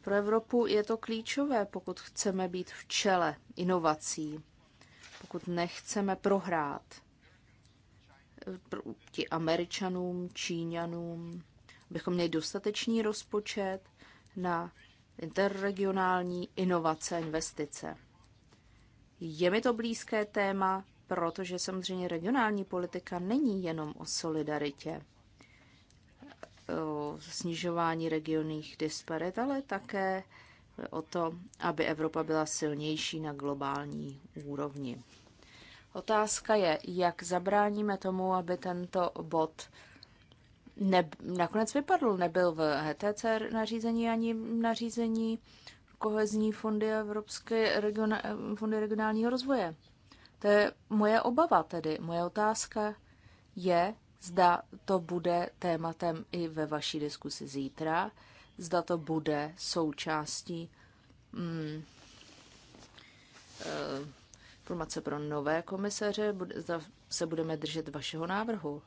Pro Evropu je to klíčové, pokud chceme být v čele inovací, pokud nechceme prohrát ti Američanům, Číňanům, abychom měli dostatečný rozpočet na interregionální inovace a investice. Je mi to blízké téma, protože samozřejmě regionální politika není jenom o solidaritě, o snižování regionálních disparit, ale také o to, aby Evropa byla silnější na globální úrovni. Otázka je, jak zabráníme tomu, aby tento bod ne, nakonec vypadl, nebyl v HTC nařízení ani nařízení kohezní fondy Evropské regiona, fondy regionálního rozvoje. To je moje obava tedy, moje otázka je, zda to bude tématem i ve vaší diskusi zítra, zda to bude součástí hmm, eh, informace pro nové komisaře, bude, zda se budeme držet vašeho návrhu.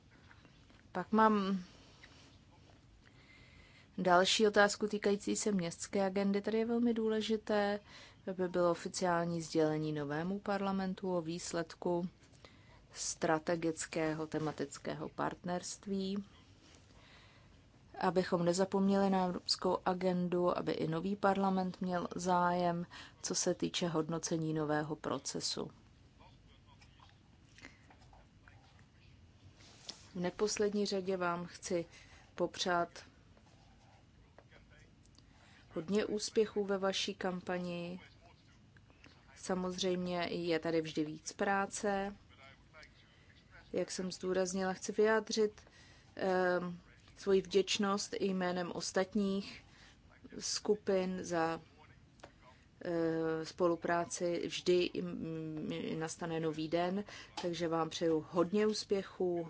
Pak mám Další otázku týkající se městské agendy, tady je velmi důležité, aby bylo oficiální sdělení novému parlamentu o výsledku strategického tematického partnerství, abychom nezapomněli na evropskou agendu, aby i nový parlament měl zájem, co se týče hodnocení nového procesu. V neposlední řadě vám chci popřát hodně úspěchů ve vaší kampani. Samozřejmě je tady vždy víc práce. Jak jsem zdůraznila, chci vyjádřit eh, svoji vděčnost i jménem ostatních skupin za eh, spolupráci vždy nastane nový den, takže vám přeju hodně úspěchů,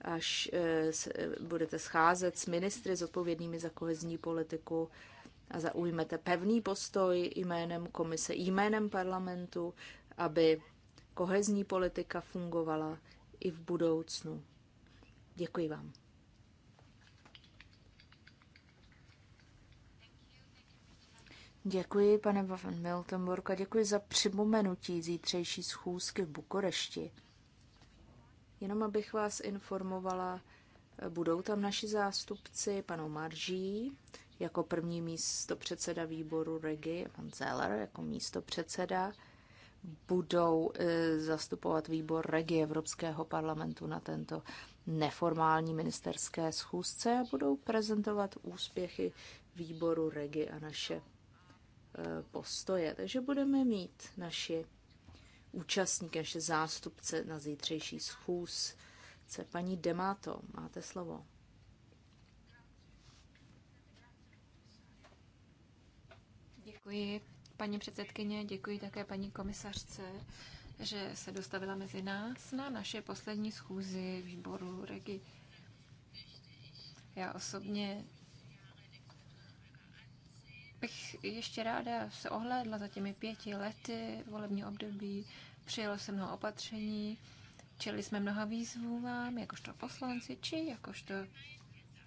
až eh, eh, budete scházet s ministry zodpovědnými za kohezní politiku a zaujmete pevný postoj jménem komise, jménem parlamentu, aby kohezní politika fungovala i v budoucnu. Děkuji vám. Děkuji, pane Van Miltenborg, a děkuji za připomenutí zítřejší schůzky v Bukurešti. Jenom abych vás informovala, budou tam naši zástupci, panu Marží, jako první místo předseda výboru Regi, pan Zeller jako místo předseda, budou e, zastupovat výbor Regi Evropského parlamentu na tento neformální ministerské schůzce a budou prezentovat úspěchy výboru Regi a naše e, postoje. Takže budeme mít naši účastníky, naše zástupce na zítřejší schůzce. Paní Demato, máte slovo. Děkuji paní předsedkyně, děkuji také paní komisařce, že se dostavila mezi nás na naše poslední schůzi výboru Regi. Já osobně bych ještě ráda se ohlédla za těmi pěti lety volební období. Přijelo se mnoho opatření, čili jsme mnoha výzvům, jakožto poslanci či jakožto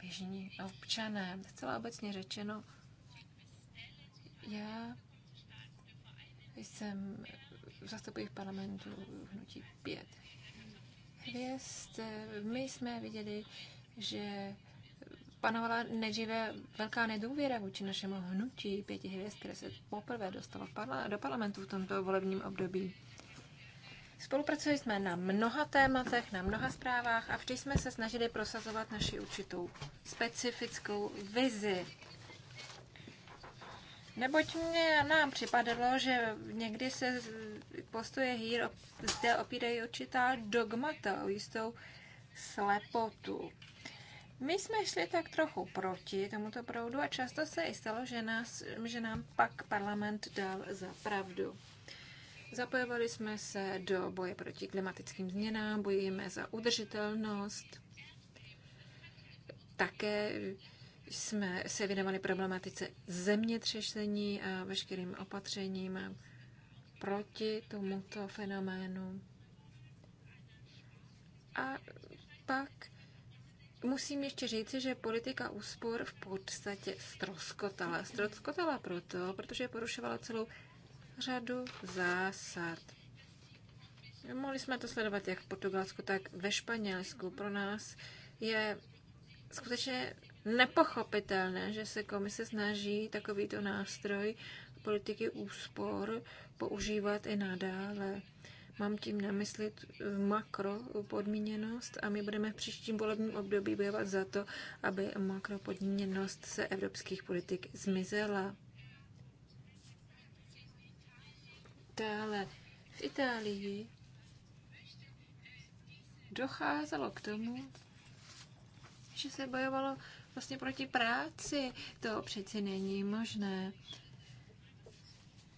běžní občané. Zcela obecně řečeno, já jsem zastupuji v parlamentu hnutí pět hvězd. My jsme viděli, že panovala nejdříve velká nedůvěra vůči našemu hnutí pěti hvězd, které se poprvé dostalo do parlamentu v tomto volebním období. Spolupracovali jsme na mnoha tématech, na mnoha zprávách a vždy jsme se snažili prosazovat naši určitou specifickou vizi. Neboť mě, nám připadalo, že někdy se postoje hýr zde opírají určitá dogmata o jistou slepotu. My jsme šli tak trochu proti tomuto proudu a často se i stalo, že, nás, že nám pak parlament dal za pravdu. Zapojovali jsme se do boje proti klimatickým změnám, bojujeme za udržitelnost. Také jsme se věnovali problematice zemětřesení a veškerým opatřením proti tomuto fenoménu. A pak musím ještě říci, že politika úspor v podstatě stroskotala. Stroskotala proto, protože porušovala celou řadu zásad. Mohli jsme to sledovat jak v Portugalsku, tak ve Španělsku. Pro nás je skutečně nepochopitelné, že se komise snaží takovýto nástroj politiky úspor používat i nadále. Mám tím na mysli podmíněnost a my budeme v příštím volebním období bojovat za to, aby podmíněnost se evropských politik zmizela. Dále v Itálii docházelo k tomu, že se bojovalo vlastně proti práci. To přeci není možné.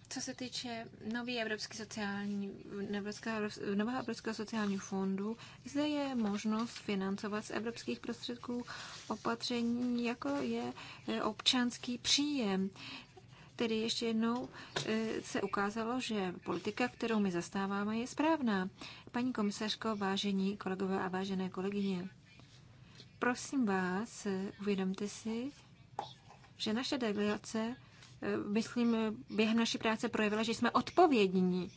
Co se týče nový Evropský sociální, Evropského, nového Evropského sociálního fondu, zde je možnost financovat z evropských prostředků opatření, jako je e, občanský příjem. Tedy ještě jednou e, se ukázalo, že politika, kterou my zastáváme, je správná. Paní komisařko, vážení kolegové a vážené kolegyně prosím vás, eh, uvědomte si, že naše delegace, eh, myslím, eh, během naší práce projevila, že jsme odpovědní,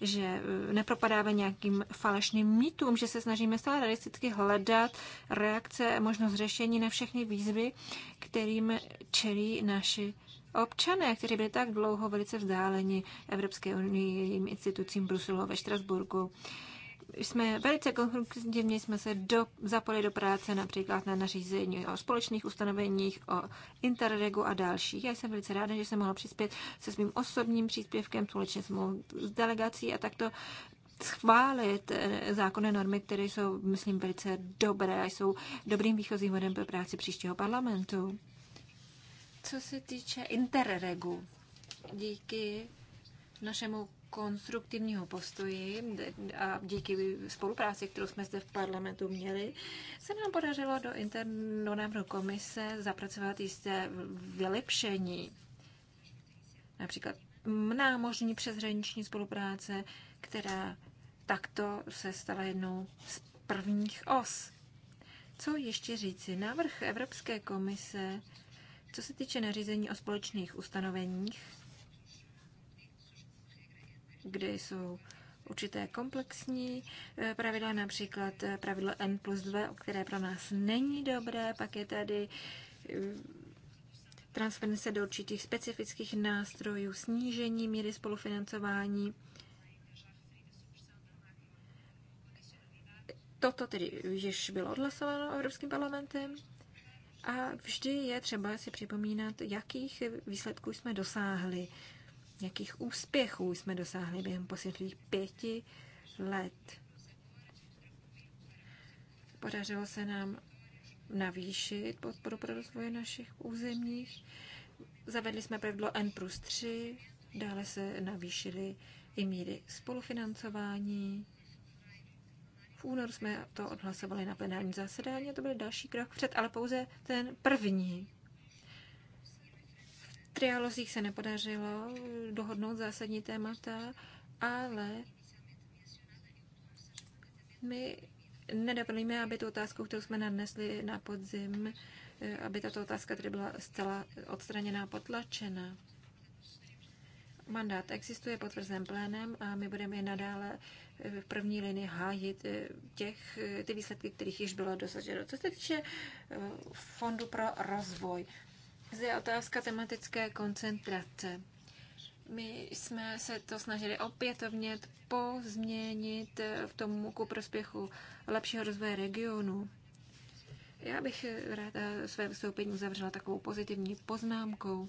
že nepropadáme nějakým falešným mýtům, že se snažíme stále realisticky hledat reakce, možnost řešení na všechny výzvy, kterým čelí naši Občané, kteří byli tak dlouho velice vzdáleni Evropské unii, jejím institucím Bruselu a ve Štrasburgu, jsme velice konstruktivně jsme se do, zapali do práce například na nařízení o společných ustanoveních, o interregu a dalších. Já jsem velice ráda, že jsem mohla přispět se svým osobním příspěvkem společně s mou delegací a takto schválit eh, zákonné normy, které jsou, myslím, velice dobré a jsou dobrým výchozím bodem pro práci příštího parlamentu. Co se týče interregu, díky našemu konstruktivního postoji a díky spolupráci, kterou jsme zde v parlamentu měli, se nám podařilo do do návrhu komise zapracovat jisté vylepšení. Například námořní přeshraniční spolupráce, která takto se stala jednou z prvních os. Co ještě říci? Návrh Evropské komise, co se týče nařízení o společných ustanoveních, kde jsou určité komplexní eh, pravidla, například eh, pravidlo N plus 2, které pro nás není dobré, pak je tady eh, transference do určitých specifických nástrojů, snížení míry spolufinancování. Toto tedy již bylo odhlasováno Evropským parlamentem a vždy je třeba si připomínat, jakých výsledků jsme dosáhli jakých úspěchů jsme dosáhli během posledních pěti let. Podařilo se nám navýšit podporu pro rozvoj našich územních. Zavedli jsme pravidlo N plus 3, dále se navýšily i míry spolufinancování. V únoru jsme to odhlasovali na plenárním zasedání a to byl další krok před, ale pouze ten první trialozích se nepodařilo dohodnout zásadní témata, ale my nedoplníme, aby tu otázku, kterou jsme nadnesli na podzim, eh, aby tato otázka tedy byla zcela odstraněná, potlačena. Mandát existuje potvrzen plénem a my budeme i nadále eh, v první linii hájit eh, těch, ty výsledky, kterých již bylo dosaženo. Co se týče Fondu pro rozvoj, zde je otázka tematické koncentrace. My jsme se to snažili opětovně pozměnit v tomu ku prospěchu lepšího rozvoje regionu. Já bych ráda své vystoupení uzavřela takovou pozitivní poznámkou.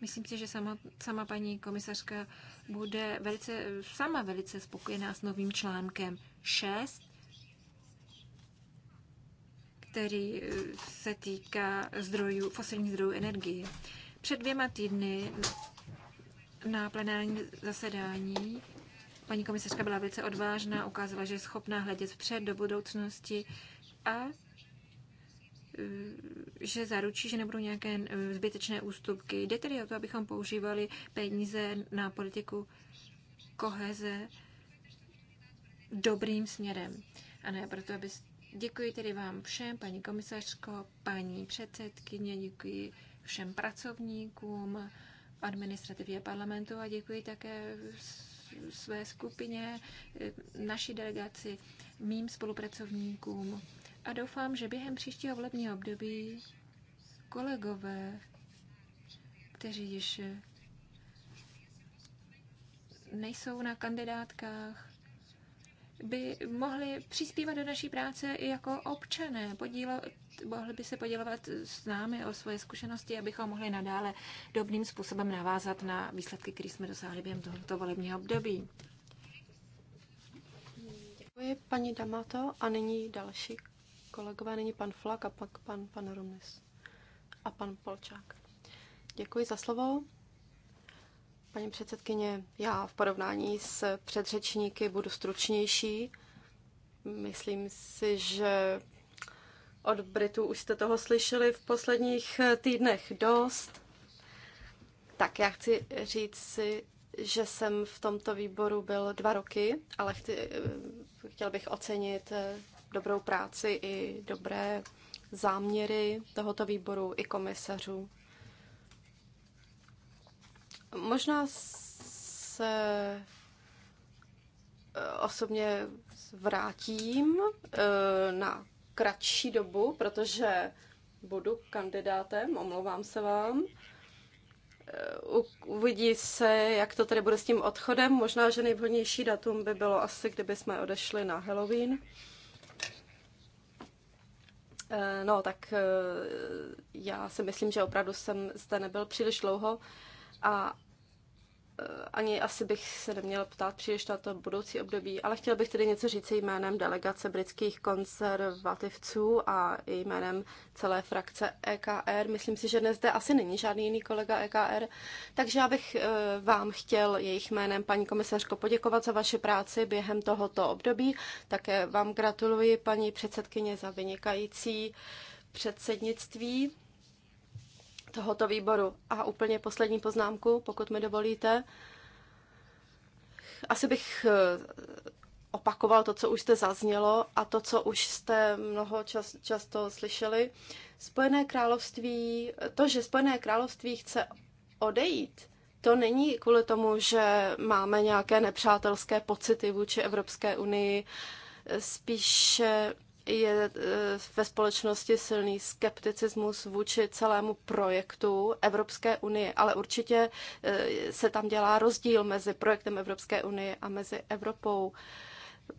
Myslím si, že sama, sama paní komisařka bude velice, sama velice spokojená s novým článkem 6, který eh, se týká zdrojů, fosilních zdrojů energie. Před dvěma týdny na plenárním zasedání paní komisařka byla velice odvážná, ukázala, že je schopná hledět vpřed do budoucnosti a eh, že zaručí, že nebudou nějaké eh, zbytečné ústupky. Jde tedy o to, abychom používali peníze na politiku koheze dobrým směrem. A ne proto, aby Děkuji tedy vám všem, paní komisařko, paní předsedkyně, děkuji všem pracovníkům administrativě parlamentu a děkuji také své skupině, eh, naší delegaci, mým spolupracovníkům. A doufám, že během příštího volebního období kolegové, kteří již nejsou na kandidátkách, by mohli přispívat do naší práce i jako občané, podílet, mohli by se podělovat s námi o svoje zkušenosti, abychom mohli nadále dobrým způsobem navázat na výsledky, které jsme dosáhli během tohoto volebního období. Děkuji, paní Damato. A nyní další kolegové, nyní pan Flak a pak pan, pan Rumnes a pan Polčák. Děkuji za slovo. Paní předsedkyně, já v porovnání s předřečníky budu stručnější. Myslím si, že od Britů už jste toho slyšeli v posledních eh, týdnech dost. Tak já chci říct si, že jsem v tomto výboru byl dva roky, ale chci, eh, chtěl bych ocenit eh, dobrou práci i dobré záměry tohoto výboru i komisařů Možná se eh, osobně vrátím eh, na kratší dobu, protože budu kandidátem, omlouvám se vám. Eh, uvidí se, jak to tedy bude s tím odchodem. Možná, že nejvhodnější datum by bylo asi, kdyby jsme odešli na Halloween. No, tak já si myslím, že opravdu jsem zde nebyl příliš dlouho a ani asi bych se neměl ptát příliš na to budoucí období, ale chtěl bych tedy něco říct jménem delegace britských konzervativců a jménem celé frakce EKR. Myslím si, že dnes zde asi není žádný jiný kolega EKR, takže já bych eh, vám chtěl jejich jménem, paní komisařko, poděkovat za vaši práci během tohoto období. Také vám gratuluji, paní předsedkyně, za vynikající předsednictví tohoto výboru. A úplně poslední poznámku, pokud mi dovolíte. Asi bych eh, opakoval to, co už jste zaznělo a to, co už jste mnoho čas, často slyšeli. Spojené království, to, že Spojené království chce odejít, to není kvůli tomu, že máme nějaké nepřátelské pocity vůči Evropské unii. Spíše je eh, ve společnosti silný skepticismus vůči celému projektu Evropské unie, ale určitě eh, se tam dělá rozdíl mezi projektem Evropské unie a mezi Evropou.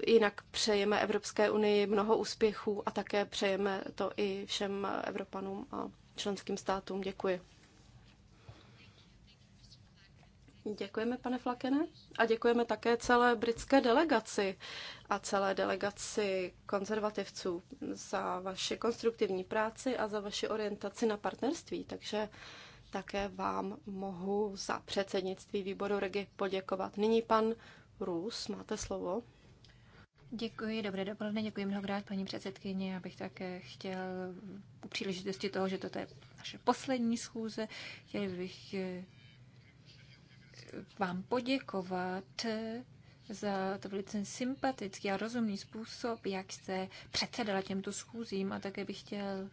Jinak přejeme Evropské unii mnoho úspěchů a také přejeme to i všem Evropanům a členským státům. Děkuji. Děkujeme, pane Flakene, a děkujeme také celé britské delegaci a celé delegaci konzervativců za vaši konstruktivní práci a za vaši orientaci na partnerství. Takže také vám mohu za předsednictví výboru Regi poděkovat. Nyní pan Rus, máte slovo. Děkuji, dobré dopoledne, děkuji mnohokrát paní předsedkyně. Já bych také chtěl u příležitosti toho, že toto je naše poslední schůze, chtěl bych eh, vám poděkovat eh, za to velice sympatický a rozumný způsob, jak jste předsedala těmto schůzím a také bych chtěl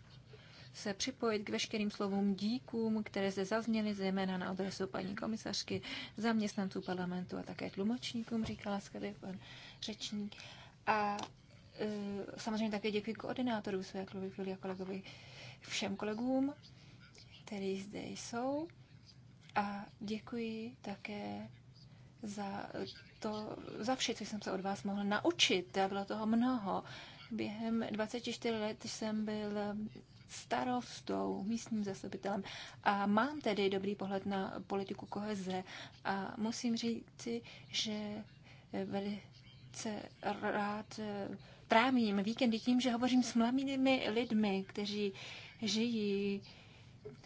se připojit k veškerým slovům díkům, které zde zazněly, zejména na adresu paní komisařky, zaměstnanců parlamentu a také tlumočníkům, říká laskavě pan řečník. A e, samozřejmě také děkuji koordinátorům své kluby, a kolegovi, všem kolegům, kteří zde jsou. A děkuji také za to, za vše, co jsem se od vás mohla naučit. A bylo toho mnoho. Během 24 let jsem byl starostou, místním zastupitelem a mám tedy dobrý pohled na politiku koheze a musím říci, že velice rád trávím víkendy tím, že hovořím s mladými lidmi, kteří žijí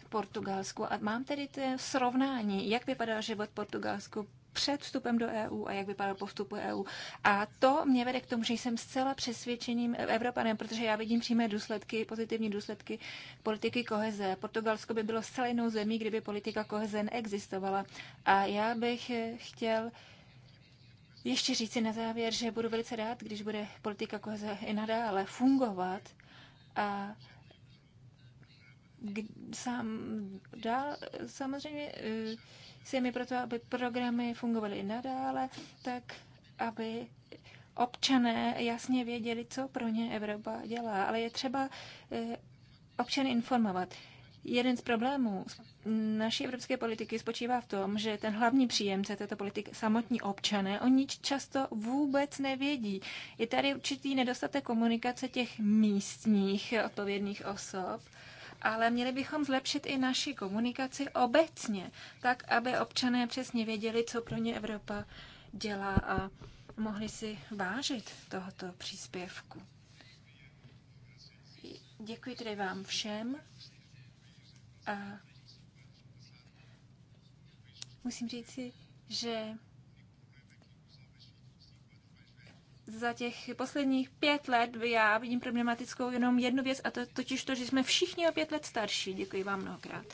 Portugalsku. A mám tedy to srovnání, jak vypadá život Portugalsku před vstupem do EU a jak vypadal po vstupu EU. A to mě vede k tomu, že jsem zcela přesvědčeným Evropanem, protože já vidím přímé důsledky, pozitivní důsledky politiky koheze. Portugalsko by bylo zcela jinou zemí, kdyby politika koheze neexistovala. A já bych chtěl ještě říci na závěr, že budu velice rád, když bude politika koheze i nadále fungovat a Sam, dál, samozřejmě eh, si mi proto, aby programy fungovaly i nadále, tak aby občané jasně věděli, co pro ně Evropa dělá. Ale je třeba eh, občany informovat. Jeden z problémů naší evropské politiky spočívá v tom, že ten hlavní příjemce této politiky, samotní občané, oni často vůbec nevědí. Je tady určitý nedostatek komunikace těch místních odpovědných osob ale měli bychom zlepšit i naši komunikaci obecně, tak aby občané přesně věděli, co pro ně Evropa dělá a mohli si vážit tohoto příspěvku. Děkuji tedy vám všem a musím říci, že za těch posledních pět let já vidím problematickou jenom jednu věc, a to totiž to, že jsme všichni o pět let starší. Děkuji vám mnohokrát.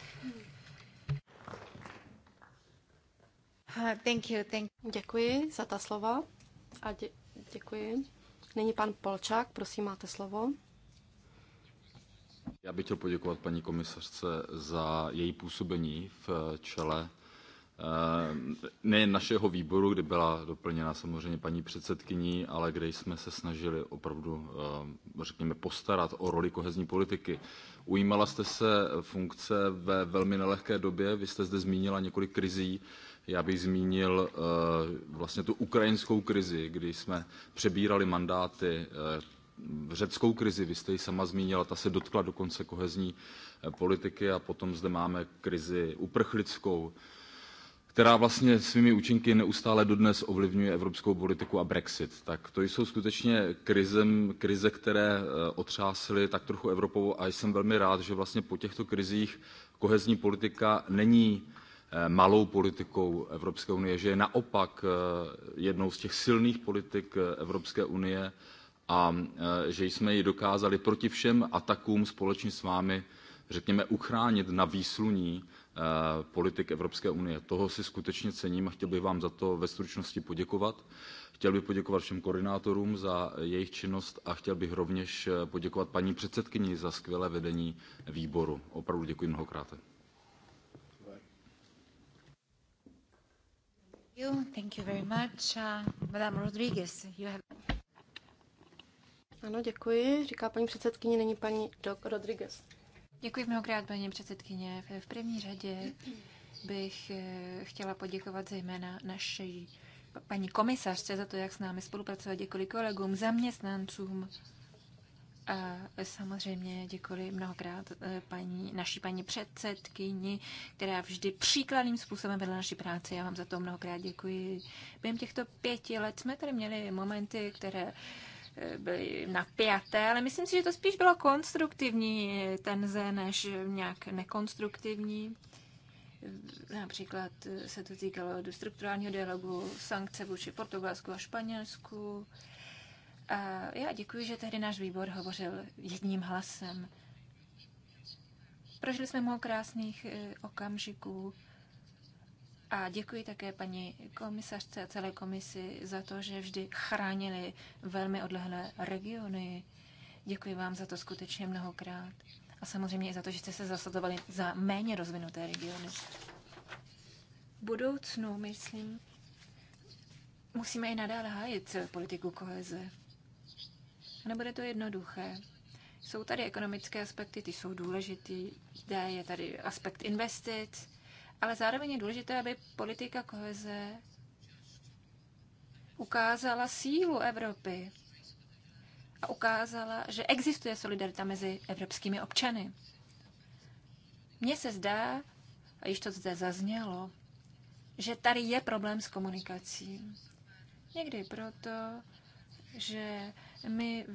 Uh, thank you, thank you. Děkuji za ta slova a dě- děkuji. Nyní pan Polčák, prosím, máte slovo. Já bych chtěl poděkovat paní komisařce za její působení v eh, čele Eh, nejen našeho výboru, kde byla doplněna samozřejmě paní předsedkyní, ale kde jsme se snažili opravdu, eh, řekněme, postarat o roli kohezní politiky. Ujímala jste se funkce ve velmi nelehké době, vy jste zde zmínila několik krizí, já bych zmínil eh, vlastně tu ukrajinskou krizi, kdy jsme přebírali mandáty, řeckou krizi, vy jste ji sama zmínila, ta se dotkla dokonce kohezní politiky a potom zde máme krizi uprchlickou, která vlastně svými účinky neustále dodnes ovlivňuje evropskou politiku a brexit. tak to jsou skutečně krizem, krize které eh, otřásly tak trochu evropou a jsem velmi rád že vlastně po těchto krizích kohezní politika není eh, malou politikou evropské unie že je naopak eh, jednou z těch silných politik evropské unie a že jsme ji dokázali proti všem atakům společně s vámi řekněme uchránit na výsluní Eh, politik Evropské unie. Toho si skutečně cením a chtěl bych vám za to ve stručnosti poděkovat. Chtěl bych poděkovat všem koordinátorům za jejich činnost a chtěl bych rovněž eh, poděkovat paní předsedkyni za skvělé vedení výboru. Opravdu děkuji mnohokrát. Thank you very much. Ano, děkuji. Říká paní předsedkyně, není paní Doc Rodriguez. Děkuji mnohokrát, paní předsedkyně. V první řadě bych eh, chtěla poděkovat zejména naší paní komisařce za to, jak s námi spolupracovat, děkuji kolegům, zaměstnancům a samozřejmě děkuji mnohokrát eh, paní, naší paní předsedkyni, která vždy příkladným způsobem vedla naši práci. Já vám za to mnohokrát děkuji. Během těchto pěti let jsme tady měli momenty, které byly napjaté, ale myslím si, že to spíš bylo konstruktivní tenze, než nějak nekonstruktivní. Například se to týkalo do strukturálního dialogu sankce vůči Portugalsku a Španělsku. A já děkuji, že tehdy náš výbor hovořil jedním hlasem. Prožili jsme mnoho krásných eh, okamžiků a děkuji také paní komisařce a celé komisi za to, že vždy chránili velmi odlehlé regiony. Děkuji vám za to skutečně mnohokrát. A samozřejmě i za to, že jste se zasadovali za méně rozvinuté regiony. V budoucnu, myslím, musíme i nadále hájit politiku koheze. A nebude to jednoduché. Jsou tady ekonomické aspekty, ty jsou důležitý. Jde je tady aspekt investic, ale zároveň je důležité, aby politika koheze ukázala sílu Evropy a ukázala, že existuje solidarita mezi evropskými občany. Mně se zdá, a již to zde zaznělo, že tady je problém s komunikací. Někdy proto, že my,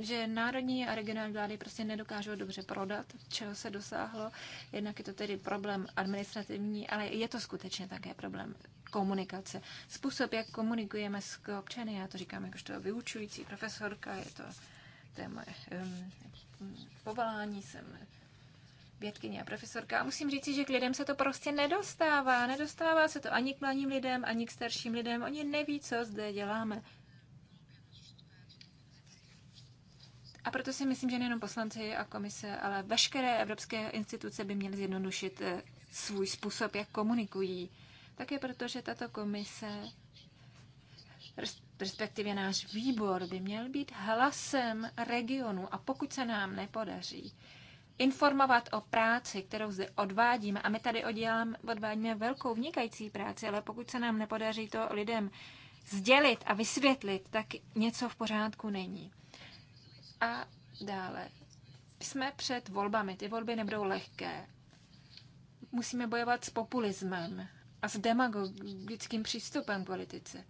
že národní a regionální vlády prostě nedokážou dobře prodat, čeho se dosáhlo. Jednak je to tedy problém administrativní, ale je to skutečně také problém komunikace. Způsob, jak komunikujeme s občany, já to říkám jakožto vyučující profesorka, je to, to je moje um, povolání, jsem vědkyně a profesorka. A musím říct, že k lidem se to prostě nedostává. Nedostává se to ani k mladým lidem, ani k starším lidem. Oni neví, co zde děláme. A proto si myslím, že nejenom poslanci a komise, ale veškeré evropské instituce by měly zjednodušit eh, svůj způsob, jak komunikují. Také proto, že tato komise, respektive náš výbor, by měl být hlasem regionu. A pokud se nám nepodaří informovat o práci, kterou zde odvádíme, a my tady oddělám, odvádíme velkou vnikající práci, ale pokud se nám nepodaří to lidem sdělit a vysvětlit, tak něco v pořádku není. A dále. Jsme před volbami. Ty volby nebudou lehké. Musíme bojovat s populismem a s demagogickým přístupem k politice.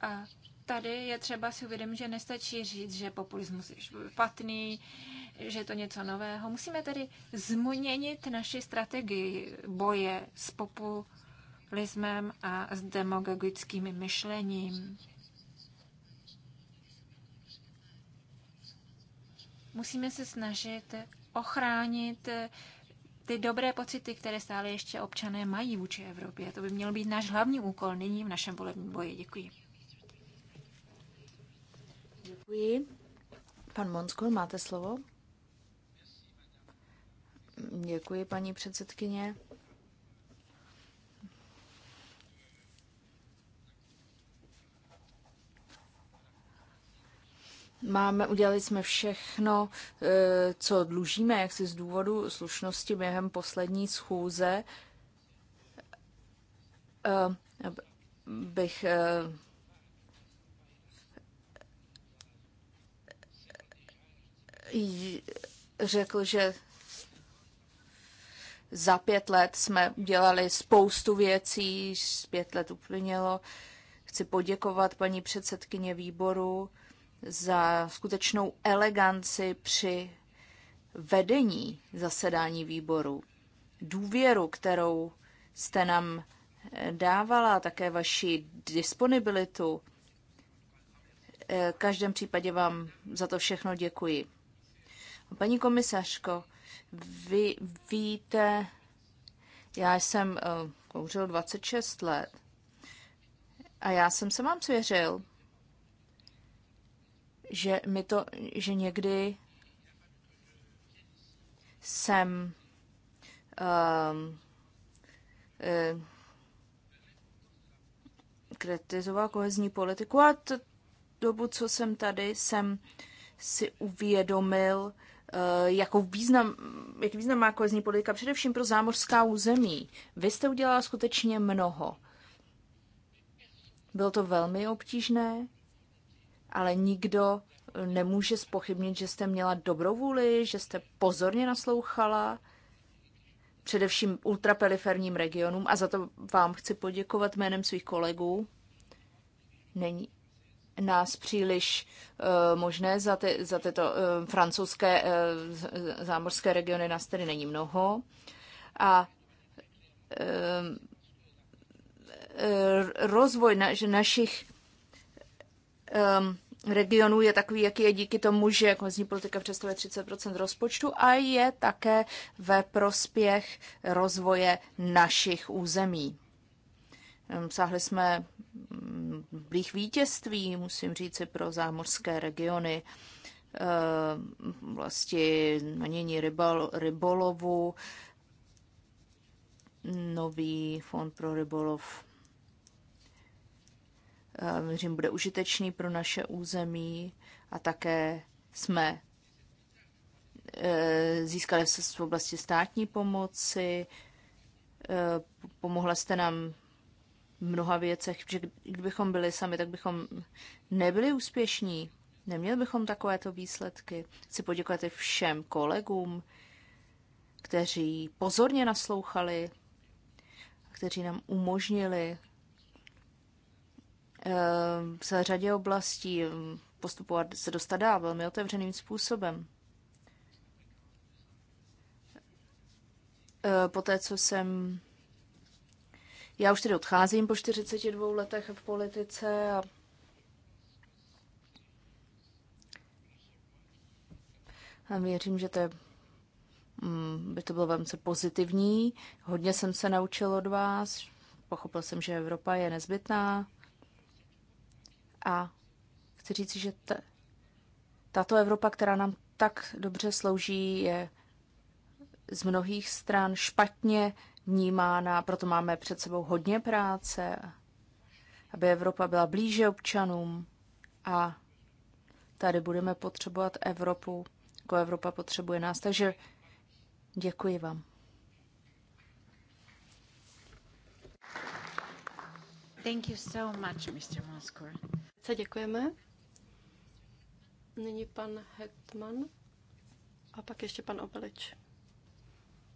A tady je třeba si uvědomit, že nestačí říct, že populismus je špatný, že je to něco nového. Musíme tedy změnit naši strategii boje s populismem a s demagogickým myšlením. Musíme se snažit ochránit eh, ty dobré pocity, které stále ještě občané mají vůči Evropě. To by měl být náš hlavní úkol nyní v našem volebním boji. Děkuji. Děkuji. Pan Monskul, máte slovo? Děkuji, paní předsedkyně. Máme, udělali jsme všechno, eh, co dlužíme, jak si z důvodu slušnosti během poslední schůze. Eh, bych eh, řekl, že za pět let jsme dělali spoustu věcí, z pět let uplynělo. Chci poděkovat paní předsedkyně výboru, za skutečnou eleganci při vedení zasedání výboru, důvěru, kterou jste nám eh, dávala, také vaši disponibilitu. Eh, v každém případě vám za to všechno děkuji. Paní komisařko, vy víte, já jsem eh, kouřil 26 let a já jsem se vám svěřil že mi to, že někdy jsem um, um, kritizoval kohezní politiku a t- dobu, co jsem tady, jsem si uvědomil, eh, jakou význam, jaký význam má kohezní politika, především pro zámořská území. Vy jste udělala skutečně mnoho. Bylo to velmi obtížné, ale nikdo eh, nemůže spochybnit, že jste měla dobrou vůli, že jste pozorně naslouchala především ultraperiferním regionům a za to vám chci poděkovat jménem svých kolegů. Není nás příliš uh, možné za, ty, za tyto uh, francouzské uh, zámořské regiony, nás tedy není mnoho. A uh, rozvoj na, našich um, regionů je takový, jaký je díky tomu, že kohezní politika představuje 30 rozpočtu a je také ve prospěch rozvoje našich území. Sáhli jsme mm, blých vítězství, musím říci, pro zámořské regiony, vlastně manění rybolovu, nový fond pro rybolov věřím, bude užitečný pro naše území a také jsme e, získali v oblasti státní pomoci, e, pomohla jste nám v mnoha věcech, že kdybychom byli sami, tak bychom nebyli úspěšní, neměli bychom takovéto výsledky. Chci poděkovat i všem kolegům, kteří pozorně naslouchali, kteří nám umožnili v celé řadě oblastí, mm, postupovat se dostat dál velmi otevřeným způsobem. E, poté, co jsem... Já už tedy odcházím po 42 letech v politice a a věřím, že to je, mm, by to bylo velmi pozitivní. Hodně jsem se naučil od vás, pochopil jsem, že Evropa je nezbytná, a chci říct, že t- tato Evropa, která nám tak dobře slouží, je z mnohých stran špatně vnímána, proto máme před sebou hodně práce, aby Evropa byla blíže občanům a tady budeme potřebovat Evropu, jako Evropa potřebuje nás. Takže děkuji vám. Thank you so much, Mr. Moscow. Velice děkujeme. Nyní pan Hetman a pak ještě pan Obelič.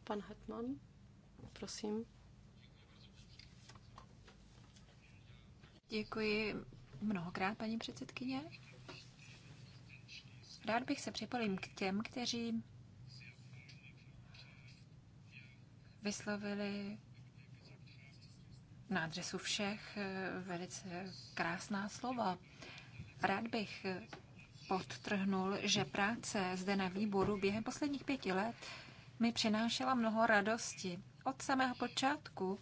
Pan Hetman, prosím. Děkuji mnohokrát, paní předsedkyně. Rád bych se připojil k těm, kteří vyslovili na adresu všech eh, velice krásná slova. Rád bych podtrhnul, že práce zde na výboru během posledních pěti let mi přinášela mnoho radosti. Od samého počátku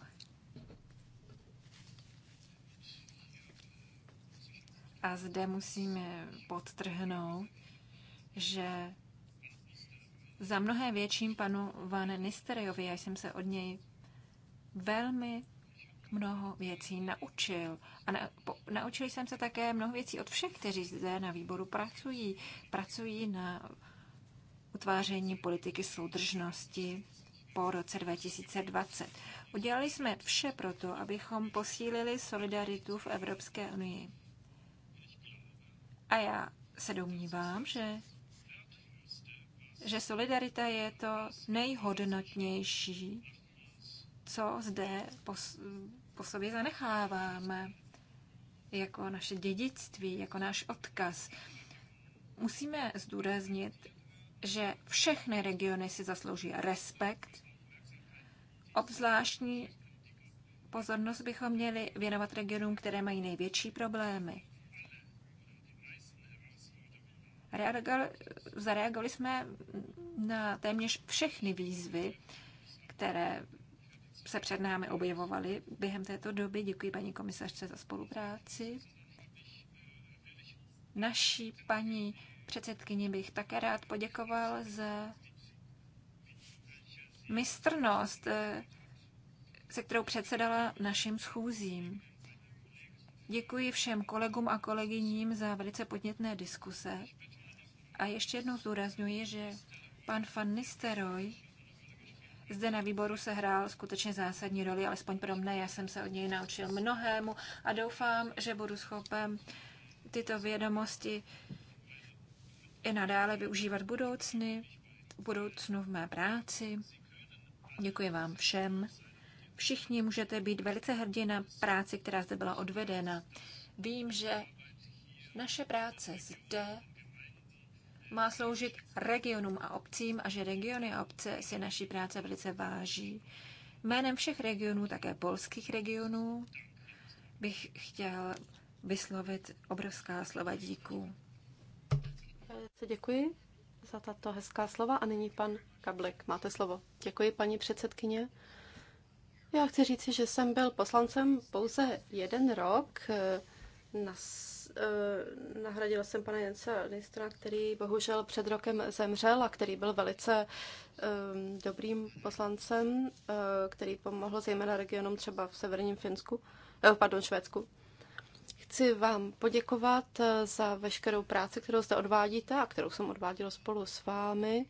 A zde musíme podtrhnout, že za mnohé větším panu Van Nisterejovi, já jsem se od něj velmi mnoho věcí naučil. A na, po, naučil jsem se také mnoho věcí od všech, kteří zde na výboru pracují. Pracují na utváření politiky soudržnosti po roce 2020. Udělali jsme vše proto, abychom posílili solidaritu v Evropské unii. A já se domnívám, že, že solidarita je to nejhodnotnější, co zde po sobě zanecháváme, jako naše dědictví, jako náš odkaz. Musíme zdůraznit, že všechny regiony si zaslouží respekt. Obzvláštní pozornost bychom měli věnovat regionům, které mají největší problémy. zareagovali jsme na téměř všechny výzvy, které se před námi objevovaly během této doby. Děkuji paní komisařce za spolupráci. Naší paní předsedkyni bych také rád poděkoval za mistrnost, eh, se kterou předsedala našim schůzím. Děkuji všem kolegům a kolegyním za velice podnětné diskuse. A ještě jednou zdůrazňuji, že pan Van Nisteroj zde na výboru se hrál skutečně zásadní roli, alespoň pro mne, já jsem se od něj naučil mnohému a doufám, že budu schopen tyto vědomosti i nadále využívat budoucny, budoucnu v mé práci. Děkuji vám všem. Všichni můžete být velice hrdí na práci, která zde byla odvedena. Vím, že naše práce zde má sloužit regionům a obcím a že regiony a obce si naší práce velice váží. Jménem všech regionů, také polských regionů, bych chtěl vyslovit obrovská slova díků. Děkuji za tato hezká slova a nyní pan Kablek, máte slovo. Děkuji, paní předsedkyně. Já chci říci, že jsem byl poslancem pouze jeden rok. Eh, na Eh, nahradila jsem pana Jensa Nistra, který bohužel před rokem zemřel a který byl velice ehm, dobrým poslancem, eh, který pomohl zejména regionům třeba v severním Finsku, eh, pardon, Švédsku. Chci vám poděkovat za veškerou práci, kterou zde odvádíte a kterou jsem odváděla spolu s vámi.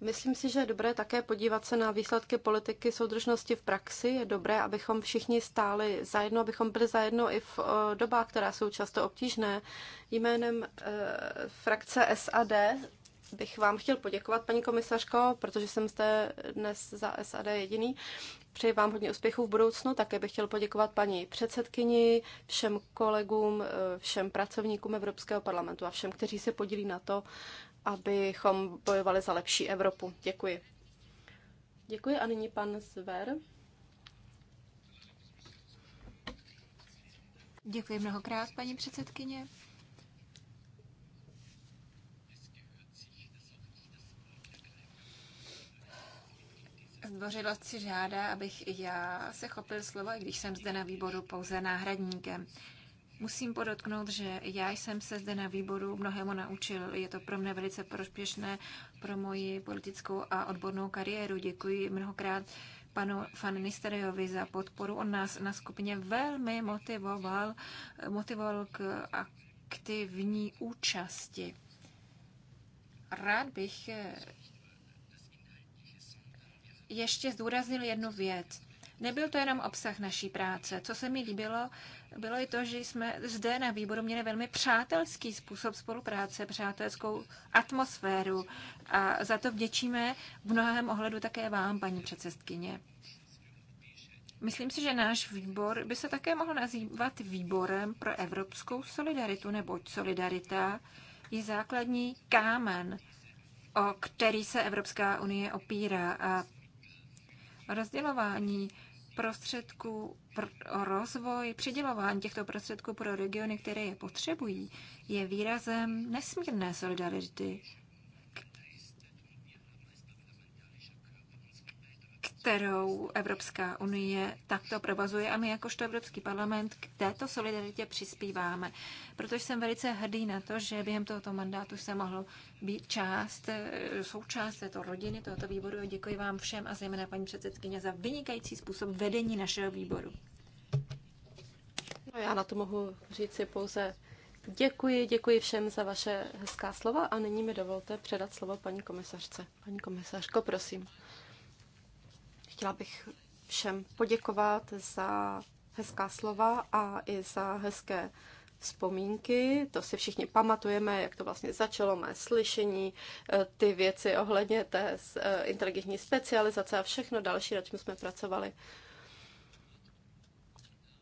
Myslím si, že je dobré také podívat se na výsledky politiky soudržnosti v praxi. Je dobré, abychom všichni stáli zajedno, abychom byli zajedno i v eh, dobách, která jsou často obtížné. Jménem eh, frakce SAD bych vám chtěl poděkovat, paní komisařko, protože jsem zde dnes za SAD jediný. Přeji vám hodně úspěchů v budoucnu, také bych chtěl poděkovat paní předsedkyni, všem kolegům, eh, všem pracovníkům Evropského parlamentu a všem, kteří se podílí na, to, abychom bojovali za lepší Evropu. Děkuji. Děkuji a nyní pan Zver. Děkuji mnohokrát, paní předsedkyně. Zdvořilost si žádá, abych i já se chopil slovo, i když jsem zde na výboru pouze náhradníkem. Musím podotknout, že já jsem se zde na výboru mnohému naučil. Je to pro mě velice prospěšné pro moji politickou a odbornou kariéru. Děkuji mnohokrát panu Fanisterejovi za podporu. On nás na skupině velmi motivoval, motivoval k aktivní účasti. Rád bych ještě zdůraznil jednu věc. Nebyl to jenom obsah naší práce. Co se mi líbilo, bylo i to, že jsme zde na výboru měli velmi přátelský způsob spolupráce, přátelskou atmosféru a za to vděčíme v mnohem ohledu také vám, paní předsedkyně. Myslím si, že náš výbor by se také mohl nazývat výborem pro evropskou solidaritu, neboť solidarita je základní kámen, o který se Evropská unie opírá a rozdělování prostředků pro rozvoj, přidělování těchto prostředků pro regiony, které je potřebují, je výrazem nesmírné solidarity kterou Evropská unie takto provazuje a my jakožto Evropský parlament k této solidaritě přispíváme. Protože jsem velice hrdý na to, že během tohoto mandátu se mohl být část, eh, součást této rodiny, tohoto výboru. Děkuji vám všem a zejména paní předsedkyně za vynikající způsob vedení našeho výboru. No já na to mohu říct si pouze děkuji, děkuji všem za vaše hezká slova a nyní mi dovolte předat slovo paní komisařce. Paní komisařko, prosím. Chtěla bych všem poděkovat za hezká slova a i za hezké vzpomínky. To si všichni pamatujeme, jak to vlastně začalo, mé slyšení, eh, ty věci ohledně té eh, inteligentní specializace a všechno další, na čem jsme pracovali.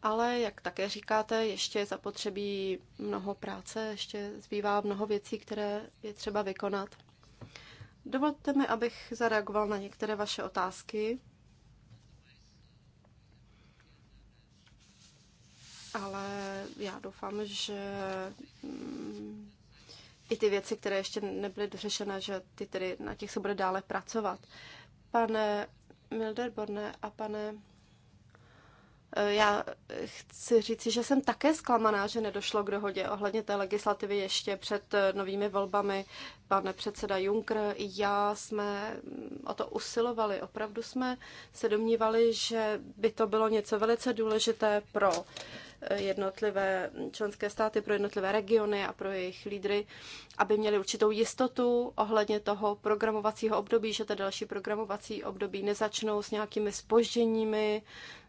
Ale, jak také říkáte, ještě zapotřebí mnoho práce, ještě zbývá mnoho věcí, které je třeba vykonat. Dovolte mi, abych zareagoval na některé vaše otázky. ale já doufám, že mm, i ty věci, které ještě nebyly dořešené, že ty tedy na těch se bude dále pracovat. Pane Milderborne a pane eh, já chci říci, že jsem také zklamaná, že nedošlo k dohodě ohledně té legislativy ještě před eh, novými volbami. Pane předseda Juncker i já jsme mm, o to usilovali. Opravdu jsme se domnívali, že by to bylo něco velice důležité pro jednotlivé členské státy, pro jednotlivé regiony a pro jejich lídry, aby měli určitou jistotu ohledně toho programovacího období, že ta další programovací období nezačnou s nějakými spožděními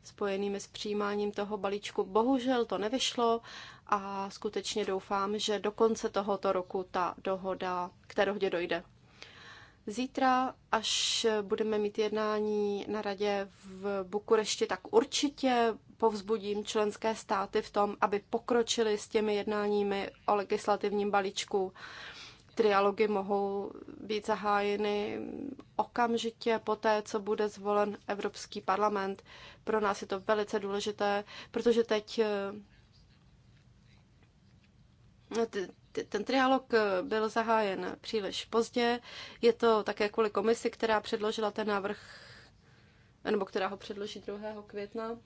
spojenými s přijímáním toho balíčku. Bohužel to nevyšlo a skutečně doufám, že do konce tohoto roku ta dohoda, k té dohodě dojde. Zítra, až budeme mít jednání na radě v Bukurešti, tak určitě povzbudím členské státy v tom, aby pokročili s těmi jednáními o legislativním balíčku. Trialogy mohou být zahájeny okamžitě po té, co bude zvolen Evropský parlament. Pro nás je to velice důležité, protože teď eh, ten trialog eh, byl zahájen příliš pozdě. Je to také kvůli komisi, která předložila ten návrh, nebo která ho předloží 2. května.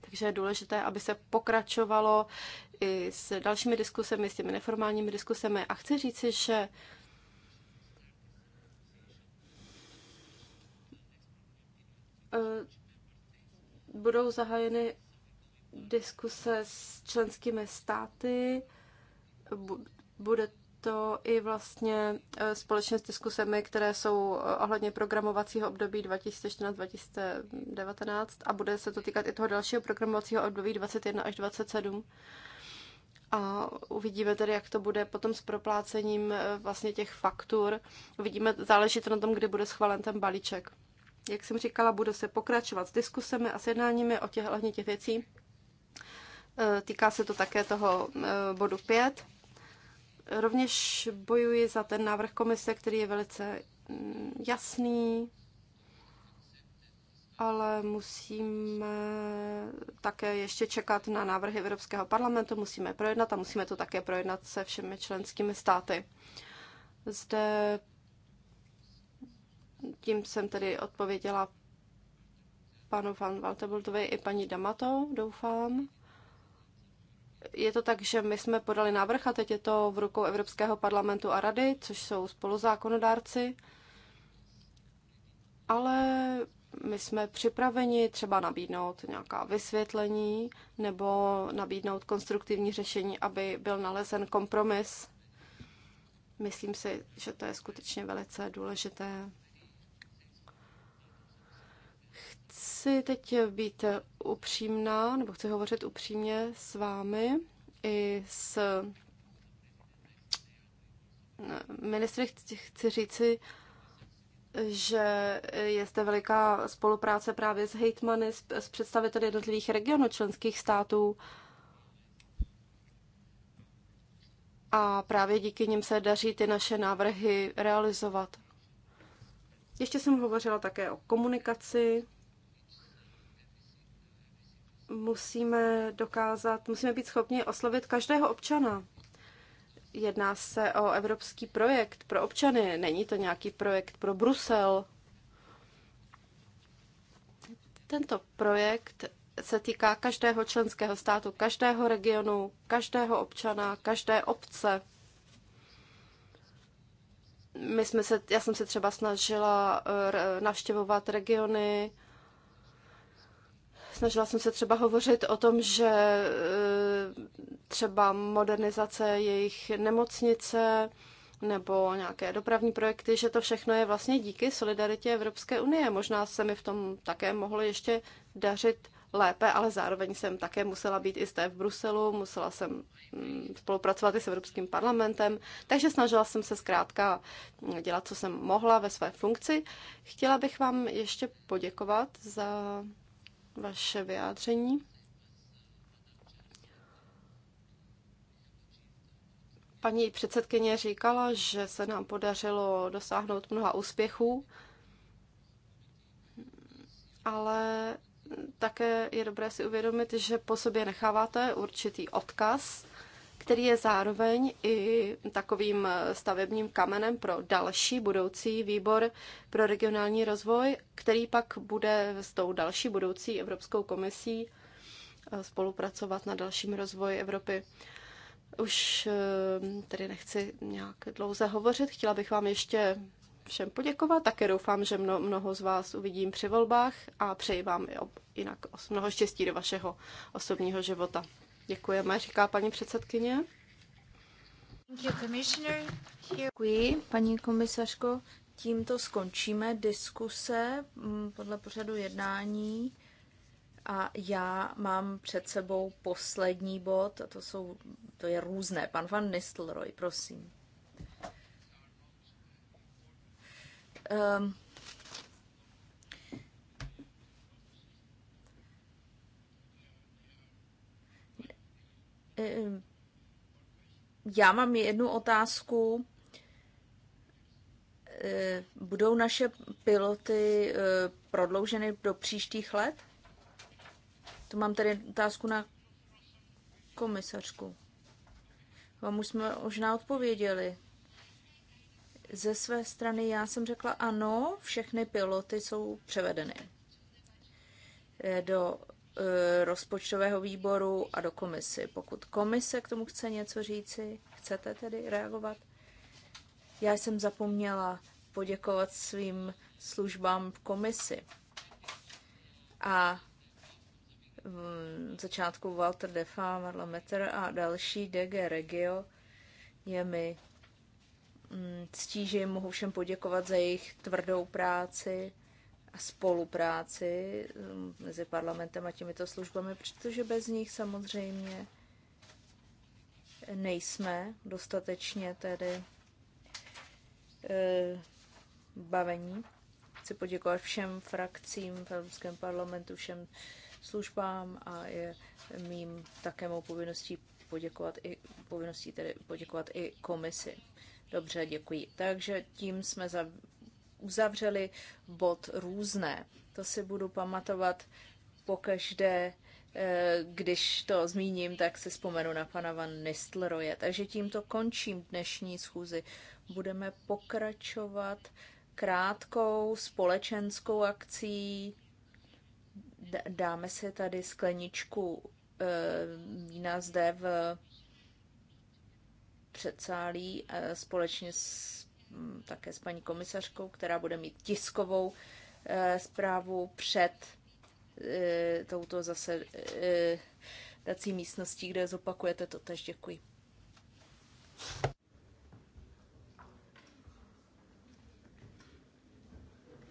Takže je důležité, aby se pokračovalo i s dalšími diskusemi, s těmi neformálními diskusemi. A chci říci, že eh, budou zahájeny diskuse s členskými státy bude to i vlastně e, společně s diskusemi, které jsou e, ohledně programovacího období 2014-2019 a bude se to týkat i toho dalšího programovacího období 21 až 27. A uvidíme tedy, jak to bude potom s proplácením e, vlastně těch faktur. Uvidíme, záleží to na tom, kdy bude schválen ten balíček. Jak jsem říkala, bude se pokračovat s diskusemi a s jednáními o těch hlavně těch věcí. Týká se to také toho bodu 5 Rovněž bojuji za ten návrh komise, který je velice mm, jasný, ale musíme také ještě čekat na návrhy Evropského parlamentu, musíme projednat a musíme to také projednat se všemi členskými státy. Zde tím jsem tedy odpověděla panu Van Valtebultovi i paní Damatou, doufám je to tak, že my jsme podali návrh a teď je to v rukou Evropského parlamentu a rady, což jsou spoluzákonodárci. Ale my jsme připraveni třeba nabídnout nějaká vysvětlení nebo nabídnout konstruktivní řešení, aby byl nalezen kompromis. Myslím si, že to je skutečně velice důležité. chci teď být upřímná, nebo chci hovořit upřímně s vámi i s eh, ministry. Chci, chci říci, že je zde veliká spolupráce právě s hejtmany, s, s představiteli jednotlivých regionů členských států. A právě díky nim se daří ty naše návrhy realizovat. Ještě jsem hovořila také o komunikaci, musíme dokázat, musíme být schopni oslovit každého občana. Jedná se o evropský projekt pro občany, není to nějaký projekt pro Brusel. Tento projekt se týká každého členského státu, každého regionu, každého občana, každé obce. My jsme se, já jsem se třeba snažila eh, navštěvovat regiony, Snažila jsem se třeba hovořit o tom, že e, třeba modernizace jejich nemocnice nebo nějaké dopravní projekty, že to všechno je vlastně díky solidaritě Evropské unie. Možná se mi v tom také mohlo ještě dařit lépe, ale zároveň jsem také musela být i zde v Bruselu, musela jsem mm, spolupracovat i s Evropským parlamentem, takže snažila jsem se zkrátka dělat, co jsem mohla ve své funkci. Chtěla bych vám ještě poděkovat za vaše vyjádření. Paní předsedkyně říkala, že se nám podařilo dosáhnout mnoha úspěchů, ale také je dobré si uvědomit, že po sobě necháváte určitý odkaz, který je zároveň i takovým eh, stavebním kamenem pro další budoucí výbor pro regionální rozvoj, který pak bude s tou další budoucí Evropskou komisí eh, spolupracovat na dalším rozvoji Evropy. Už eh, tedy nechci nějak dlouze hovořit, chtěla bych vám ještě všem poděkovat. Také doufám, že mno, mnoho z vás uvidím při volbách a přeji vám i ob, jinak mnoho štěstí do vašeho osobního života. Děkujeme, říká paní předsedkyně. Děkuji, paní komisařko. Tímto skončíme diskuse mm, podle pořadu jednání. A já mám před sebou poslední bod, a to, jsou, to je různé. Pan Van Nistelrooy, prosím. Um, Eh, eh, já mám jednu otázku. Eh, budou naše piloty prodlouženy do příštích let? To mám tady otázku na komisařku. Vám už jsme možná odpověděli. Ze své strany já jsem řekla ano, všechny piloty jsou převedeny do Eh, rozpočtového výboru a do komisy. Pokud komise k tomu chce něco říci, chcete tedy reagovat? Já jsem zapomněla poděkovat svým službám v komisi. A mm, v začátku Walter Defa, Marla Meter a další DG Regio je mi mm, ctí, že jim mohu všem poděkovat za jejich tvrdou práci a spolupráci um, mezi parlamentem a těmito službami, protože bez nich samozřejmě nejsme dostatečně tedy e, bavení. Chci poděkovat všem frakcím v Evropském parlamentu, všem službám a je mým také mou povinností poděkovat i, povinností tedy poděkovat i komisi. Dobře, děkuji. Takže tím jsme za, uzavřeli bod různé. To si budu pamatovat pokaždé, eh, když to zmíním, tak si vzpomenu na pana Van Nistleroje. Takže tímto končím dnešní schůzi. Budeme pokračovat krátkou společenskou akcí. Dáme si tady skleničku eh, vína zde v předsálí eh, společně s Mm, také s paní komisařkou, která bude mít tiskovou eh, zprávu před eh, touto zase eh, dací místností, kde zopakujete to tež. Děkuji.